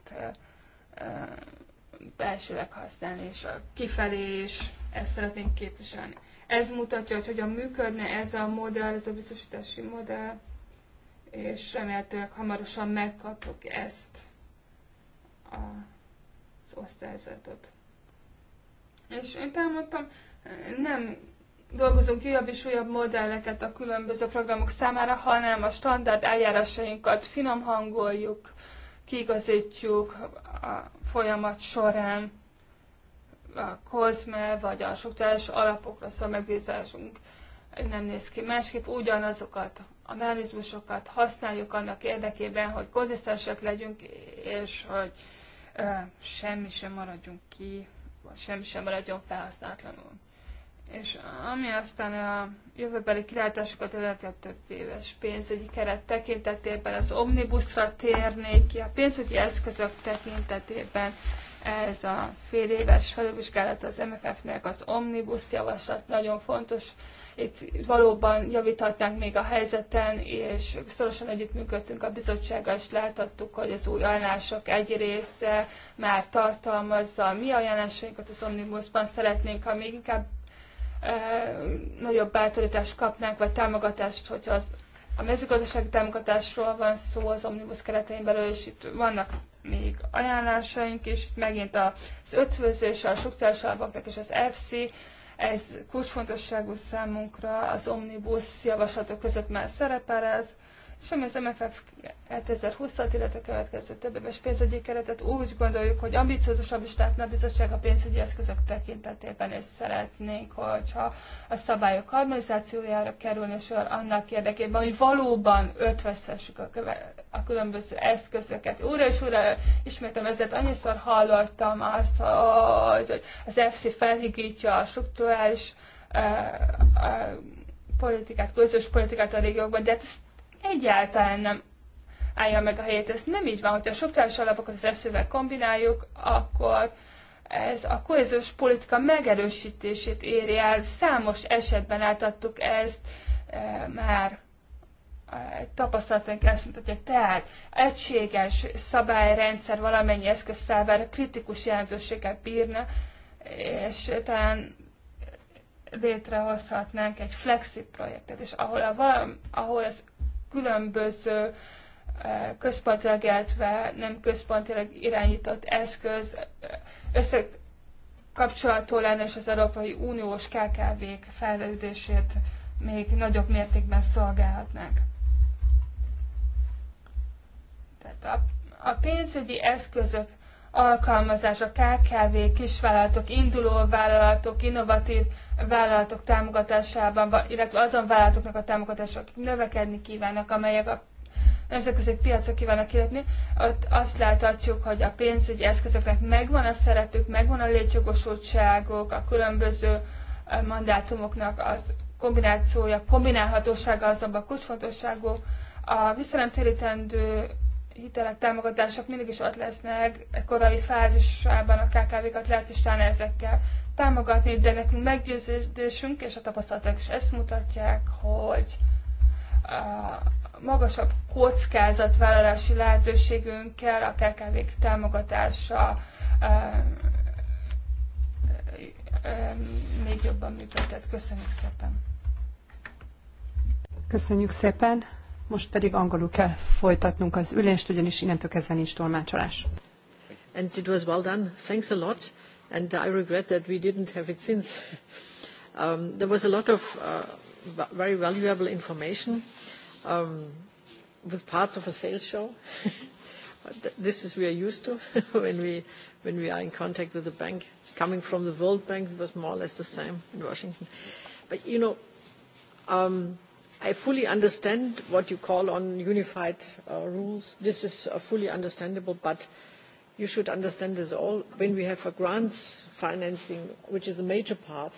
Speaker 6: belsőleg használni, és a kifelé is ezt szeretnénk képviselni. Ez mutatja, hogy hogyan működne ez a modell, ez a biztosítási modell, és remélhetőleg hamarosan megkapjuk ezt az osztályzatot. És én elmondtam, nem dolgozunk újabb és újabb modelleket a különböző programok számára, hanem a standard eljárásainkat finomhangoljuk, kiigazítjuk a folyamat során a COSME vagy a struktúrális alapokra szól megbízásunk nem néz ki másképp. Ugyanazokat a mechanizmusokat használjuk annak érdekében, hogy konzisztensek legyünk, és hogy e, semmi sem maradjunk ki, vagy semmi sem maradjon felhasználatlanul. És ami aztán a jövőbeli kilátásokat illeti a több éves pénzügyi keret tekintetében, az omnibuszra térnék ki, a pénzügyi eszközök tekintetében ez a fél éves felülvizsgálat az MFF-nek, az omnibus javaslat nagyon fontos. Itt valóban javíthatnánk még a helyzeten, és szorosan együttműködtünk a bizottsággal, és láthattuk, hogy az új ajánlások egy része már tartalmazza mi ajánlásainkat az omnibusban. Szeretnénk, ha még inkább nagyobb bátorítást kapnánk, vagy támogatást, hogyha az, a mezőgazdasági támogatásról van szó az Omnibus keretein belül, és itt vannak még ajánlásaink is, itt megint az ötvözés, a struktúrás alapoknak és az FC, ez kulcsfontosságú számunkra, az Omnibus javaslatok között már szerepel ez, sem az MFF 2020-at, illetve a következő több éves pénzügyi keretet úgy gondoljuk, hogy ambiciózusabb is lehetne a bizottság a pénzügyi eszközök tekintetében, és szeretnénk, hogyha a szabályok harmonizációjára kerülne és annak érdekében, hogy valóban ötveszessük a, köve- a különböző eszközöket. Újra és újra ismétem ezért, annyiszor hallottam azt, hogy az FC felhigítja a strukturális eh, eh, politikát, közös politikát a régiókban, de ez hát ezt egyáltalán nem állja meg a helyét. Ez nem így van, hogyha a struktúrális alapokat az EFSZ-vel kombináljuk, akkor ez a kohéziós politika megerősítését éri el. Számos esetben átadtuk ezt e, már e, tapasztalatunk ezt mutatja. Tehát egységes szabályrendszer valamennyi számára kritikus jelentőséget bírna, és talán létrehozhatnánk egy flexi projektet, és ahol, a valam, ahol az különböző eh, központilag, illetve nem központilag irányított eszköz eh, összekapcsolható lenne, és az Európai Uniós KKV-k fejlődését még nagyobb mértékben szolgálhatnak. Tehát a, a pénzügyi eszközök alkalmazás a KKV, kisvállalatok, induló vállalatok, innovatív vállalatok támogatásában, illetve azon vállalatoknak a támogatása, akik növekedni kívánnak, amelyek a nemzetközi piacra kívánnak kilépni, ott azt láthatjuk, hogy a pénzügyi eszközöknek megvan a szerepük, megvan a létjogosultságok, a különböző mandátumoknak az kombinációja, kombinálhatósága azonban kulcsfontosságú. A visszanemtérítendő hitelek, támogatások mindig is ott lesznek, e korai fázisában a KKV-kat lehet is talán ezekkel támogatni, de nekünk meggyőződésünk, és a tapasztalatok is ezt mutatják, hogy a magasabb kockázatvállalási lehetőségünkkel a KKV-k támogatása e, e, még jobban működtet. Köszönjük szépen!
Speaker 2: Köszönjük szépen! Most pedig angolul kell folytatnunk az ülést, ugyanis innentől kezdve nincs tolmácsolás.
Speaker 1: And it was well done. Thanks a lot. And I regret that we didn't have it since. Um, there was a lot of uh, very valuable information um, with parts of a sales show. this is we are used to when we when we are in contact with the bank. It's Coming from the World Bank, it was more or less the same in Washington. But you know. Um, I fully understand what you call on unified uh, rules. This is uh, fully understandable, but you should understand this all. When we have a grants financing, which is a major part,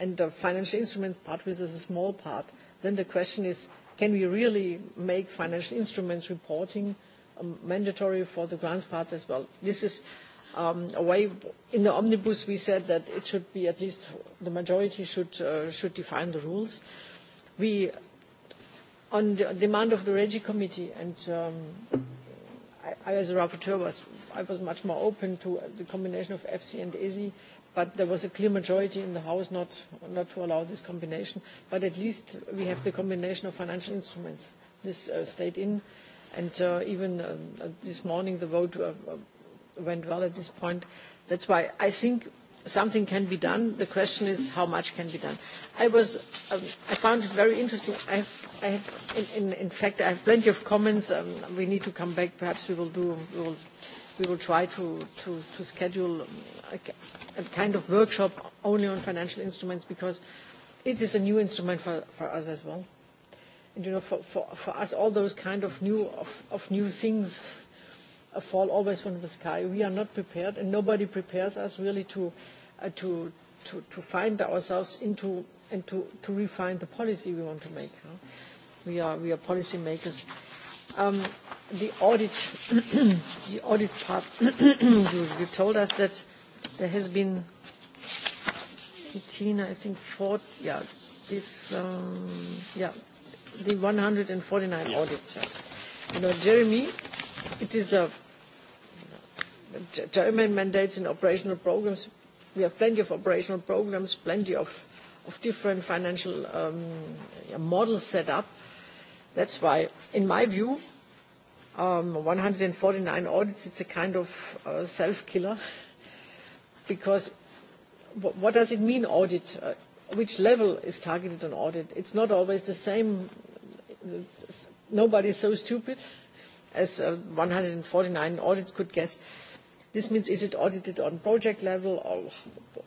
Speaker 1: and the financial instruments part, which is a small part, then the question is, can we really make financial instruments reporting um, mandatory for the grants part as well? This is um, a way, in the omnibus we said that it should be at least, the majority should, uh, should define the rules. We on the demand of the Regi Committee, and um, I, I, as a rapporteur, was I was much more open to the combination of fc and ESI, but there was a clear majority in the House not, not to allow this combination. But at least we have the combination of financial instruments. This uh, stayed in, and uh, even uh, this morning the vote uh, uh went well at this point. That's why I think something can be done. The question is how much can be done. I was, um, I found it very interesting. I have, I have in, in, in fact, I have plenty of comments. Um, we need to come back. Perhaps we will do, we will, we will try to, to, to schedule um, a, a kind of workshop only on financial instruments because it is a new instrument for, for us as well. And you know, for, for, for us, all those kind of new, of, of new things fall always from the sky. We are not prepared, and nobody prepares us really to Uh, to, to, to find ourselves into and to, to refine the policy we want to make. Huh? We, are, we are policy makers. Um, the audit, the audit part, you, you told us that there has been 18, I think, four, yeah, this, um, yeah, the 149 yeah. audits. Uh, you know, Jeremy, it is a German mandates and operational programs We have plenty of operational programs, plenty of, of different financial um, models set up. That's why, in my view, um, 149 audits, it's a kind of uh, self-killer because what does it mean audit? Uh, which level is targeted on audit? It's not always the same. Nobody is so stupid as uh, 149 audits could guess. This means, is it audited on project level, or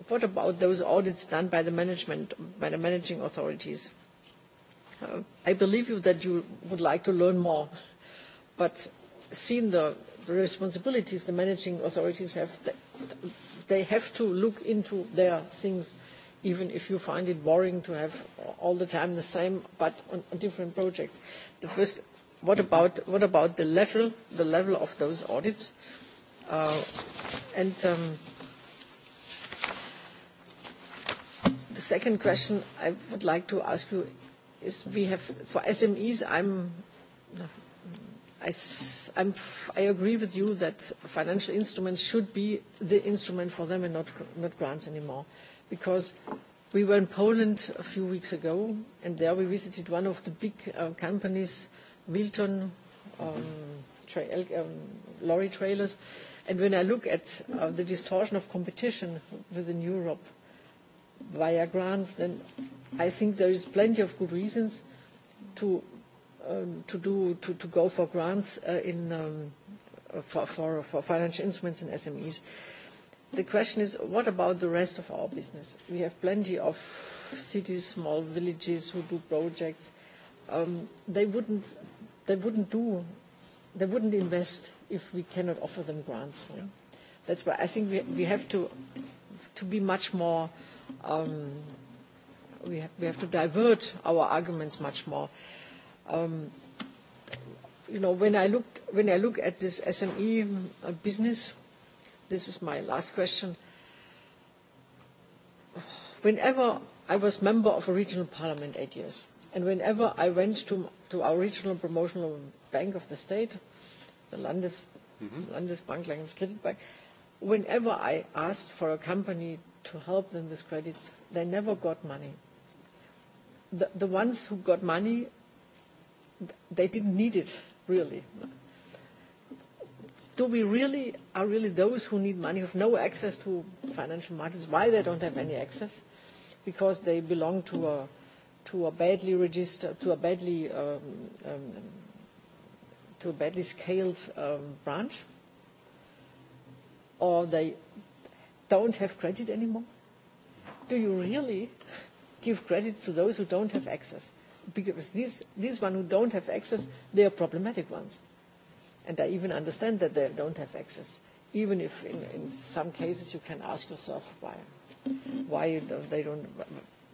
Speaker 1: what about those audits done by the management, by the managing authorities? Uh, I believe you that you would like to learn more, but seeing the responsibilities the managing authorities have, they have to look into their things, even if you find it boring to have all the time the same, but on, different projects. The first, what about, what about the level, the level of those audits? Uh, um, the second question I would like to ask you is we have for SMEs, I, agree with you that financial instruments should be the instrument for them and not, grants anymore. Because we were in Poland a few weeks ago, and there we visited one of the big uh, companies, Wilton um, um, lorry trailers, And when I look at uh, the distortion of competition within Europe via grants, then I think there is plenty of good reasons to um, to do to, to go for grants uh, in um, uh, for, for, for financial instruments in SMEs. The question is, what about the rest of our business? We have plenty of cities, small villages who do projects. Um, they wouldn't they wouldn't do they wouldn't invest if we cannot offer them grants. Yeah? That's why I think we, we have to, to be much more, um, we, have, we have to divert our arguments much more. Um, you know, when I, looked, when I look at this SME uh, business, this is my last question. Whenever I was member of a regional parliament eight years, and whenever I went to, to our regional promotional Bank of the State, the Landes, mm-hmm. Landesbank, Landeskreditbank, whenever I asked for a company to help them with credits, they never got money. The, the ones who got money, they didn't need it, really. Do we really, are really those who need money, who have no access to financial markets, why they don't have any access? Because they belong to a, to a badly registered, to a badly um, um, to a badly scaled um, branch, or they don't have credit anymore? Do you really give credit to those who don't have access? Because these, these ones who don't have access, they are problematic ones. And I even understand that they don't have access, even if in, in some cases you can ask yourself why, why they don't,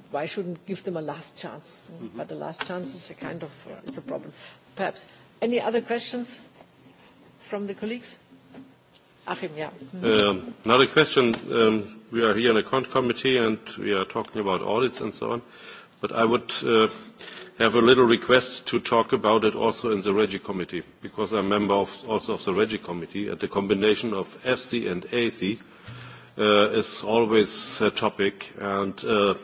Speaker 1: why shouldn't give them a last chance? Mm-hmm. But a last chance is a kind of, uh, it's a problem. Perhaps Any other questions from the colleagues? Achim, yeah. Mm-hmm. Um,
Speaker 5: another question. Um, we are here in a CONT committee and we are talking about audits and so on. But I would uh, have a little request to talk about it also in the Regi committee, because I'm a member of, also of the Regi committee, and the combination of FC and AC uh, is always a topic. And uh,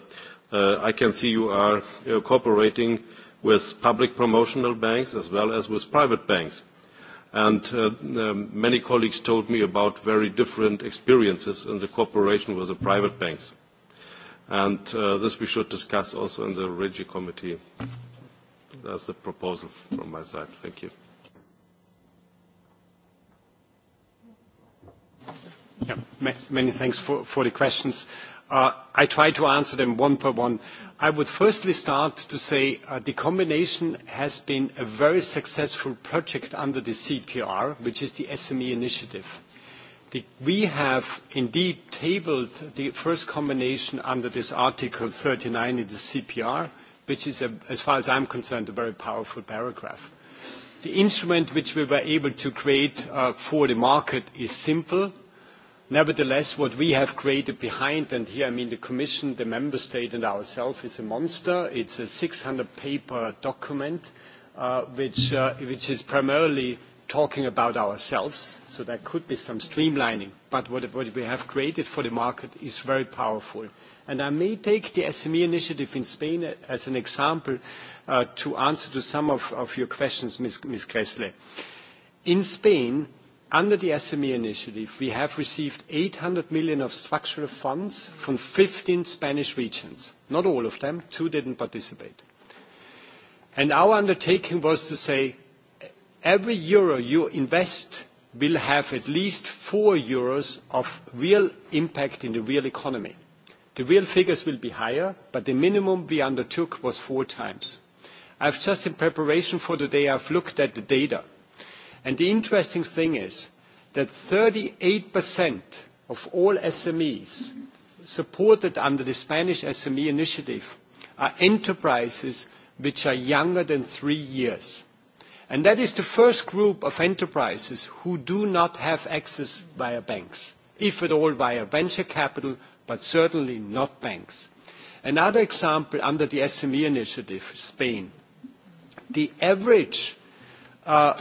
Speaker 5: uh, I can see you are uh, cooperating uh, with public promotional banks as well as with private banks. And uh, um, many colleagues told me about very different experiences in the cooperation with the private banks. And uh, this we should discuss also in the REGI committee. That's the proposal from my side. Thank you. Yeah, many thanks for, for the
Speaker 7: questions. Uh, I try to answer them one by one. I would firstly start to say uh, the combination has been a very successful project under the CPR, which is the SME initiative. The, we have indeed tabled the first combination under this Article 39 in the CPR, which is, a, um, as far as I'm concerned, a very powerful paragraph. The instrument which we were able to create uh, for the market is simple Nevertheless, what we have created behind, and here I mean the Commission, the Member State and ourselves, is a monster. It's a 600-paper document, uh, uh, which, is primarily talking about ourselves, so there could be some streamlining. But what, we have created for the market is very powerful. And I may take the SME initiative in Spain as an example uh, to answer to some of, your questions, Ms. Ms. In Spain, Under the SME initiative, we have received 800 million of structural funds from 15 Spanish regions. Not all of them, two didn't participate. And our undertaking was to say, every euro you invest will have at least four euros of real impact in the real economy. The real figures will be higher, but the minimum we undertook was four times. I've just in preparation for today, I've looked at the data. And the interesting thing is that 38% of all SMEs supported under the Spanish SME initiative are enterprises which are younger than three years. And that is the first group of enterprises who do not have access via banks, if at all via venture capital, but certainly not banks. Another example under the SME initiative, Spain. The average uh,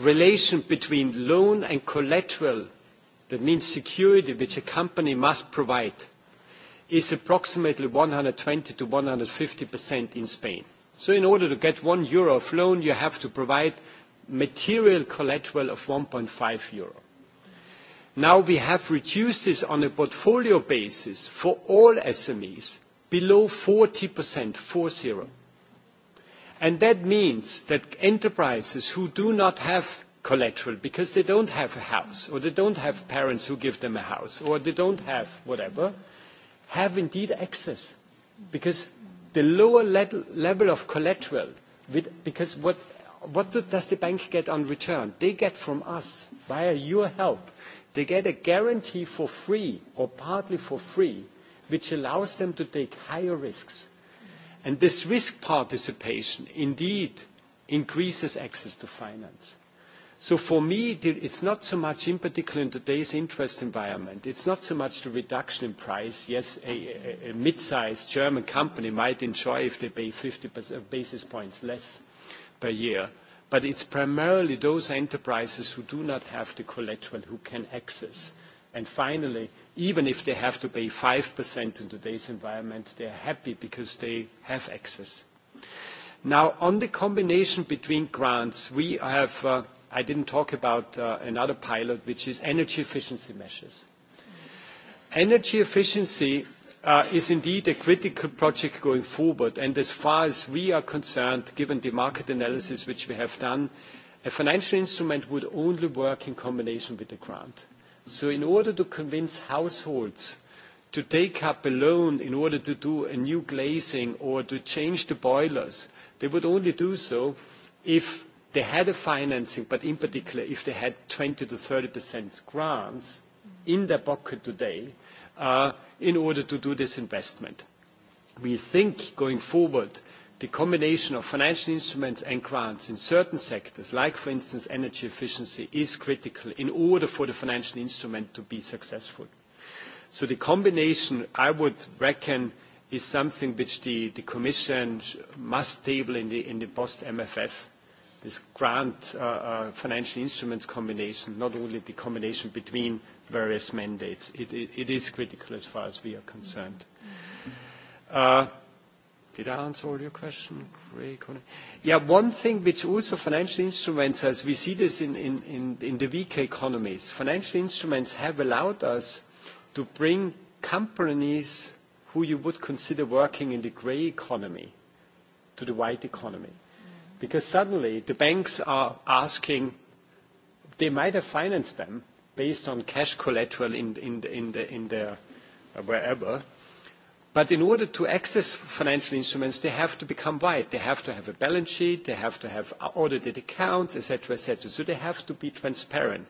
Speaker 7: relation between loan and collateral, that means security which a company must provide, is approximately 120 to 150% in Spain. So in order to get one euro of loan, you have to provide material collateral of 1.5 euro. Now we have reduced this on a portfolio basis for all SMEs below 40%, 4-0. And that means that enterprises who do not have collateral because they don't have a house or they don't have parents who give them a house or they don't have whatever, have indeed access. Because the lower level of collateral, with, because what, what does the bank get on return? They get from us, via your help, they get a guarantee for free or partly for free, which allows them to take higher risks And this risk participation indeed increases access to finance. So for me, it's not so much, in particular in today's interest environment, it's not so much the reduction in price. Yes, a, a, mid-sized German company might enjoy if they pay 50 uh, basis points less per year. But it's primarily those enterprises who do not have the collateral who can access. And finally, even if they have to pay 5% in today's environment, they are happy because they have access. Now, on the combination between grants, we have, uh, I didn't talk about uh, another pilot, which is energy efficiency measures. Energy efficiency uh, is indeed a critical project going forward, and as far as we are concerned, given the market analysis which we have done, a financial instrument would only work in combination with the grant So in order to convince households to take up a loan in order to do a new glazing or to change the boilers, they would only do so if they had a financing, but in particular if they had 20 to 30% grants in their pocket today uh, in order to do this investment. We think going forward the combination of financial instruments and grants in certain sectors, like, for instance, energy efficiency, is critical in order for the financial instrument to be successful. So the combination, I would reckon, is something which the, the Commission must table in the, in the post-MFF, this grant uh, uh, financial instruments combination, not only the combination between various mandates. It, it, it is critical as far as we are concerned. Uh, Did I answer all your question? Yeah, one thing which also financial instruments, as we see this in, in, in the weak economies, financial instruments have allowed us to bring companies who you would consider working in the grey economy to the white economy. Because suddenly the banks are asking, they might have financed them based on cash collateral in, in, in, the, in their uh, wherever, But in order to access financial instruments, they have to become white. They have to have a balance sheet, they have to have audited accounts, etc., etc. So they have to be transparent.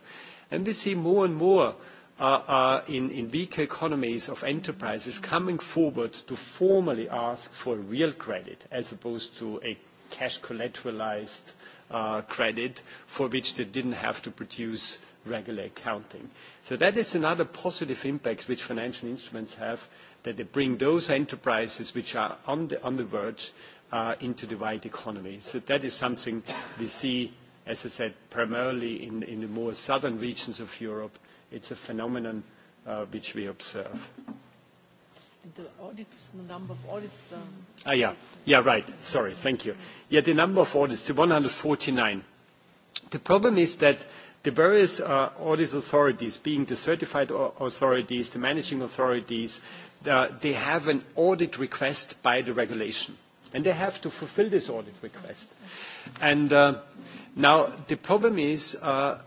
Speaker 7: And we see more and more uh, uh, in, in weaker economies of enterprises coming forward to formally ask for real credit as opposed to a cash collateralized uh, credit for which they didn't have to produce regular accounting. So that is another positive impact which financial instruments have that they bring those enterprises which are on the, on the verge uh, into the wide economy. So that is something we see, as I said, primarily in, in the more southern regions of Europe. It's a phenomenon uh, which we observe.
Speaker 1: the audits, the number of audits. The
Speaker 7: ah, yeah, yeah, right. Sorry, thank you. Yeah, the number of audits, the 149. The problem is that the various uh, audit authorities, being the certified authorities, the managing authorities, they have an audit request by the regulation. And they have to fulfill this audit request. And uh, now the problem is uh,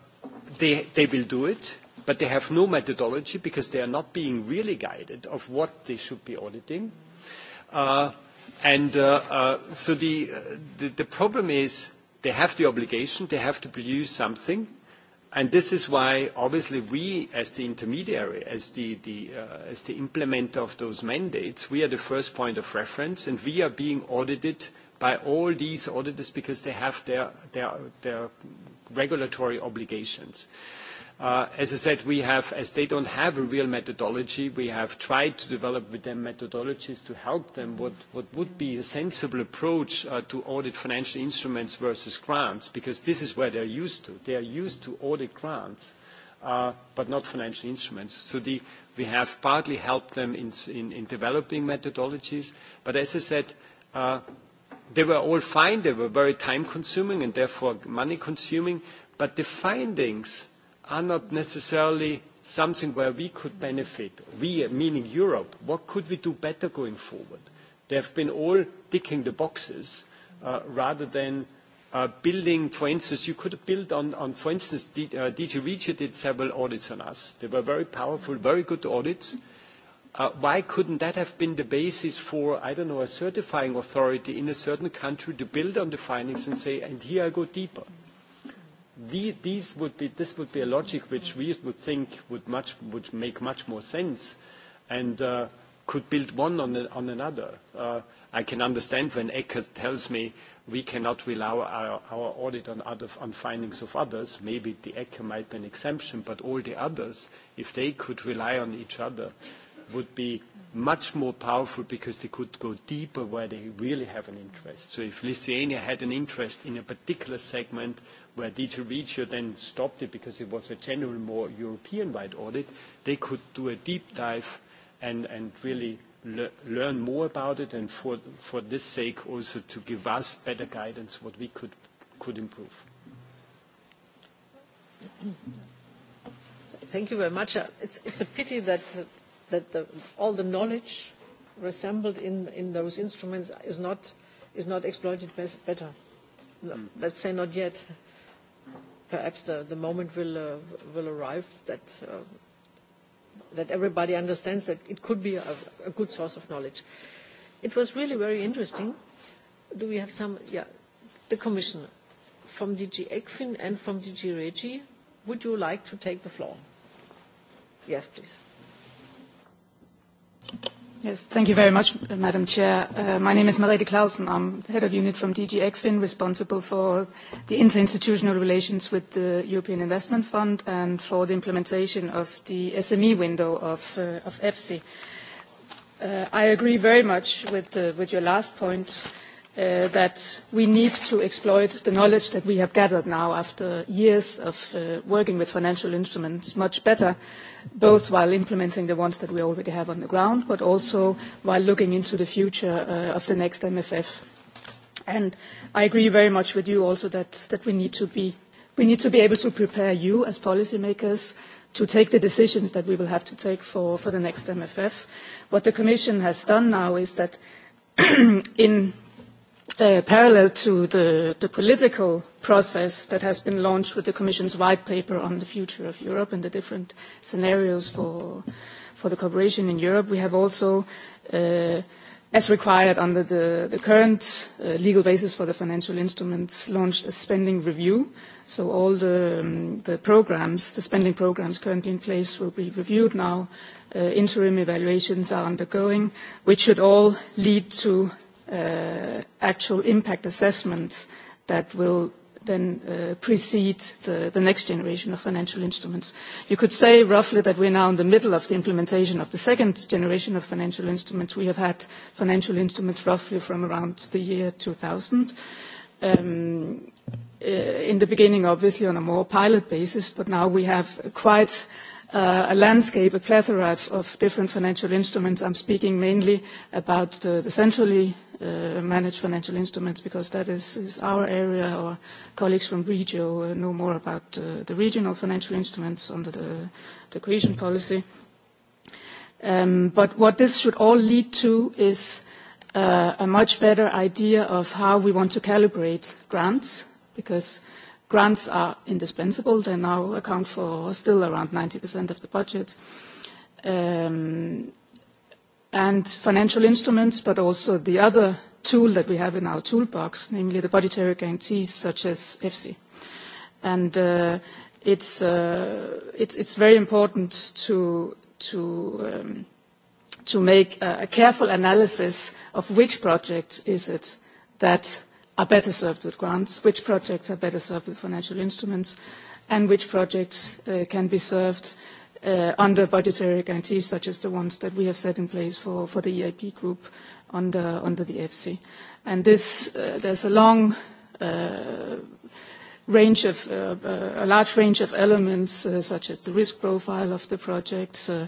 Speaker 7: they, they will do it, but they have no methodology because they are not being really guided of what they should be auditing. Uh, and uh, uh, so the, uh, the, the problem is they have the obligation, they have to produce something, And this is why, obviously, we, as the intermediary, as the, the, uh, as the implementer of those mandates, we are the first point of reference, and we are being audited by all these auditors because they have their, their, their regulatory obligations. Uh, as I said, we have, as they don't have a real methodology, we have tried to develop with them methodologies to help them what, what would be a sensible approach uh, to audit financial instruments versus grants, because this is where they're used to. They are used to audit grants, uh, but not financial instruments. So the, we have partly helped them in, in, in developing methodologies, but as I said, uh, they were all fine. They were very time-consuming and therefore money-consuming, but the findings are not necessarily something where we could benefit. We, meaning Europe, what could we do better going forward? They have been all ticking the boxes uh, rather than uh, building, for instance, you could build on, on for instance, D, uh, DG Regia did several audits on us. They were very powerful, very good audits. Uh, why couldn't that have been the basis for, I don't know, a certifying authority in a certain country to build on the findings and say, and here I go deeper? this would be a logic which we would think would, make much more sense and uh, could build one on, another. Uh, I can understand when Eckert tells me we cannot rely our, our audit on, other, findings of others. Maybe the Eckert might be an exception, but all the others, if they could rely on each other, would be much more powerful because they could go deeper where they really have an interest. So if Lithuania had an interest in a particular segment where Digital Regio then stopped it because it was a general more European-wide audit, they could do a deep dive and, and really le learn more about it and for, for this sake also to give us better guidance what we could, could improve.
Speaker 1: Thank you very much. It's, it's a pity that that the, all the knowledge resembled in, in those instruments is not, is not exploited best, better. No, hmm. let's say not yet. Perhaps the, the moment will, uh, will arrive that, uh, that everybody understands that it could be a, a good source of knowledge. It was really very interesting. Do we have some? Yeah, the commissioner from DG ECFIN and from DG REGI. Would you like to take the floor? Yes, please.
Speaker 3: Yes, thank you very much, Madam Chair. Uh, my name is Merete Clausen. I'm head of unit from DG ECFIN, responsible for the interinstitutional relations with the European Investment Fund and for the implementation of the SME window of, uh, of EFSI. Uh, I agree very much with, uh, with your last point uh, that we need to exploit the knowledge that we have gathered now after years of uh, working with financial instruments much better both while implementing the ones that we already have on the ground, but also while looking into the future uh, of the next MFF. And I agree very much with you also that, that we, need to be, we need to be able to prepare you as policymakers to take the decisions that we will have to take for, for the next MFF. What the Commission has done now is that in Uh, parallel to the, the political process that has been launched with the Commission's white paper on the future of Europe and the different scenarios for, for the cooperation in Europe, we have also, uh, as required under the, the current uh, legal basis for the financial instruments, launched a spending review. So all the, um, the programs, the spending programs currently in place will be reviewed now. Uh, interim evaluations are undergoing, which should all lead to Uh, actual impact assessments that will then uh, precede the, the next generation of financial instruments. You could say roughly that we're now in the middle of the implementation of the second generation of financial instruments. We have had financial instruments roughly from around the year 2000. Um, uh, in the beginning, obviously, on a more pilot basis, but now we have quite Uh, a landscape, a plethora of, of different financial instruments. I'm speaking mainly about the, the centrally uh, managed financial instruments because that is, is our area. Our colleagues from Regio uh, know more about uh, the regional financial instruments under the, the cohesion policy. Um, but what this should all lead to is uh, a much better idea of how we want to calibrate grants because uh, grants are indispensable. They now account for still around 90% of the budget. Um, and financial instruments, but also the other tool that we have in our toolbox, namely the budgetary guarantees such as EFSI. And uh, it's, uh, it's, it's very important to, to, um, to make a, a careful analysis of which project is it that are better served with grants, which projects are better served with financial instruments, and which projects uh, can be served uh, under budgetary guarantees such as the ones that we have set in place for, for the EIP group under, under the EFSI. And this, uh, there's a long uh, range of, uh, uh, a large range of elements uh, such as the risk profile of the projects, uh,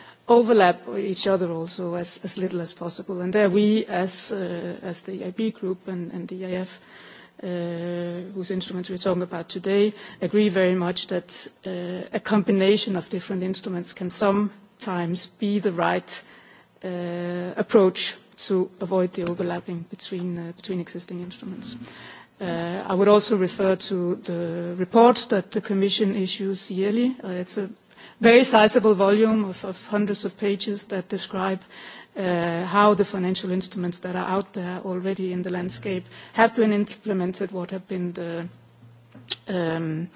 Speaker 3: overlap each other also as, as little as possible. And there we, as, uh, as the EIB group and, and the EIF, uh, whose instruments we're talking about today, agree very much that uh, a combination of different instruments can sometimes be the right uh, approach to avoid the overlapping between, uh, between existing instruments. Uh, I would also refer to the report that the Commission issues yearly. Uh, it's a very sizable volume of, of hundreds of pages that describe uh, how the financial instruments that are out there already in the landscape have been implemented, what have been the um,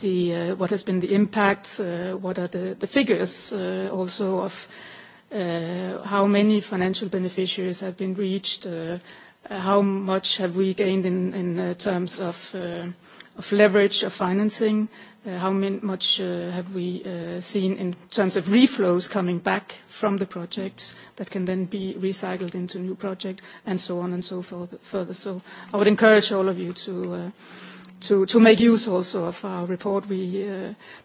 Speaker 3: the uh, what has been the impact, uh, what are the, the figures uh, also of uh, how many financial beneficiaries have been reached, uh, how much have we gained in, in uh, terms of, uh, of leverage of financing, uh, Uh, how much uh, have we uh, seen in terms of reflows coming back from the projects that can then be recycled into new project, and so on and so forth, further. So I would encourage all of you to, make use also of our report. We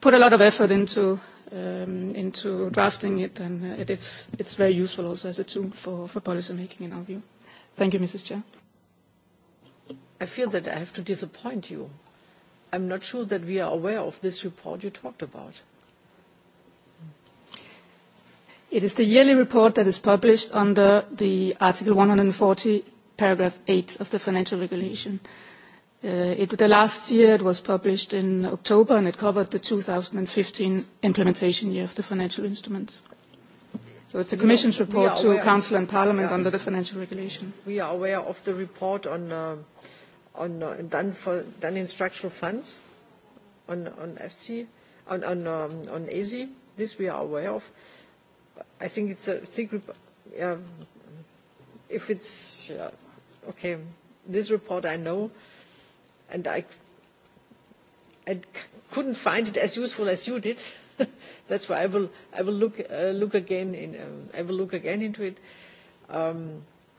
Speaker 3: put a lot of effort into, um, into drafting it, and it is, it's very useful also as a tool for, for policy making, in our view. Thank you, Mrs. Chair.
Speaker 1: I feel that I have to disappoint you. I'm not sure that we are aware of this report you talked about.
Speaker 3: It is the yearly report that is published under the Article 140, paragraph 8 of the financial regulation. Uh, it, the last year it was published in October and it covered the 2015 implementation year of the financial instruments. So it's the Commission's report to Council and Parliament yeah. under the financial regulation.
Speaker 1: We are aware of the report on uh, on uh, done for done in structural funds on on FC on on um, on ESI. This we are aware of. I think it's a think uh, if it's uh, okay. This report I know, and I, couldn't find it as useful as you did. That's why I will I will look uh, look again in um, I will look again into it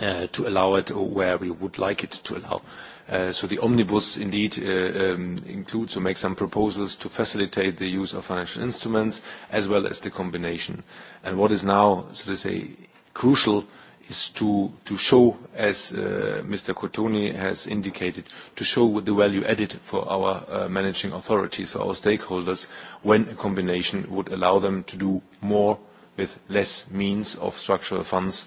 Speaker 5: Uh, to allow it where we would like it to allow. Uh, the omnibus indeed uh, um, includes or makes some proposals to facilitate the use of financial instruments as well as the combination. what is now, so to say, crucial is to, show, as Mr. Cotoni has indicated, to show the value added for our managing authorities, for our stakeholders, when a combination would allow them to do more with less means of structural funds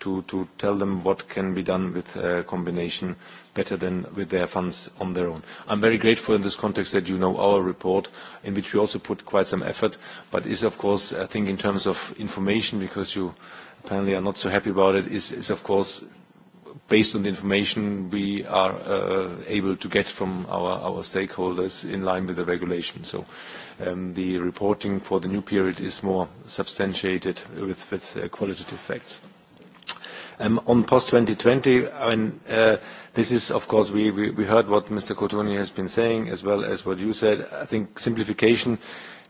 Speaker 5: to, to tell them what can be done with uh, combination better than with their funds on their own. I'm very grateful in this context that you know our report, in which we also put quite some effort, but is of course, I think in terms of information, because you apparently are not so happy about it, is, is of course based on the information we are uh, able to get from our, our stakeholders in line with the regulation. So um, the reporting for the new period is more substantiated with, with uh, qualitative facts. Um, on post-2020, uh, this is, of course, we, heard what Mr. Cotoni has been saying as well as what you said. I think simplification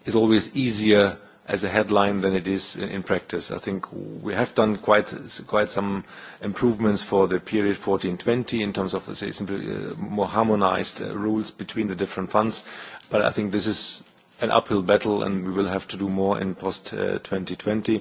Speaker 5: is always easier as a headline than it is in, practice. I think we have done quite, some improvements for the period 2014-2020 in terms of, let's say, simply, uh, more harmonized uh, rules between the different funds. But I think this is an uphill battle, and we will have to do more in post-2020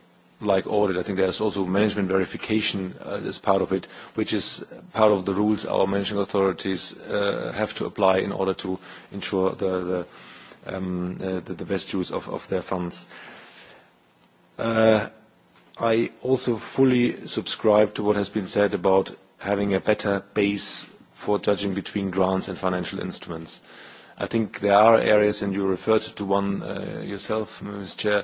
Speaker 5: like audit, I think there's also management verification uh, as part of it, which is part of the rules our managing authorities uh, have to apply in order to ensure the, the, um, uh, the, the best use of, of their funds. Uh, I also fully subscribe to what has been said about having a better base for judging between grants and financial instruments. I think there are areas, and you referred to one uh, yourself, Ms. Chair, uh,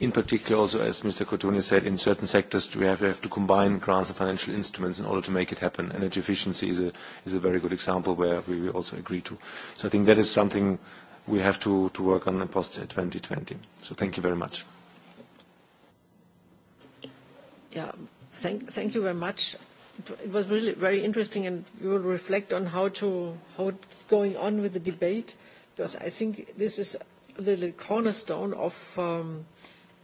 Speaker 5: in particular also, as Mr. Cotoni said, in certain sectors we have, we have to combine grants and financial instruments in order to make it happen. Energy efficiency is a, is a very good example where we also agree to. So I think that is something we have to, to work on in post-2020. So thank you very much.
Speaker 1: Yeah, thank, thank you very much. It was really very interesting, and we will reflect on how to how going on with the debate, because I think this is the cornerstone of um,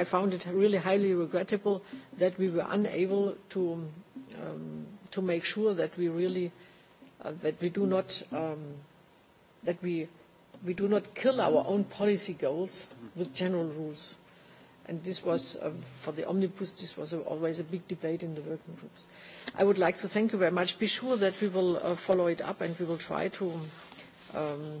Speaker 1: I found it really highly regrettable that we were unable to, um, to make sure that we really uh, that we do not um, that we we do not kill our own policy goals with general rules. And this was, uh, for the omnibus, this was a, always a big debate in the working groups. I would like to thank you very much. Be sure that we will uh, follow it up and we will try to, um,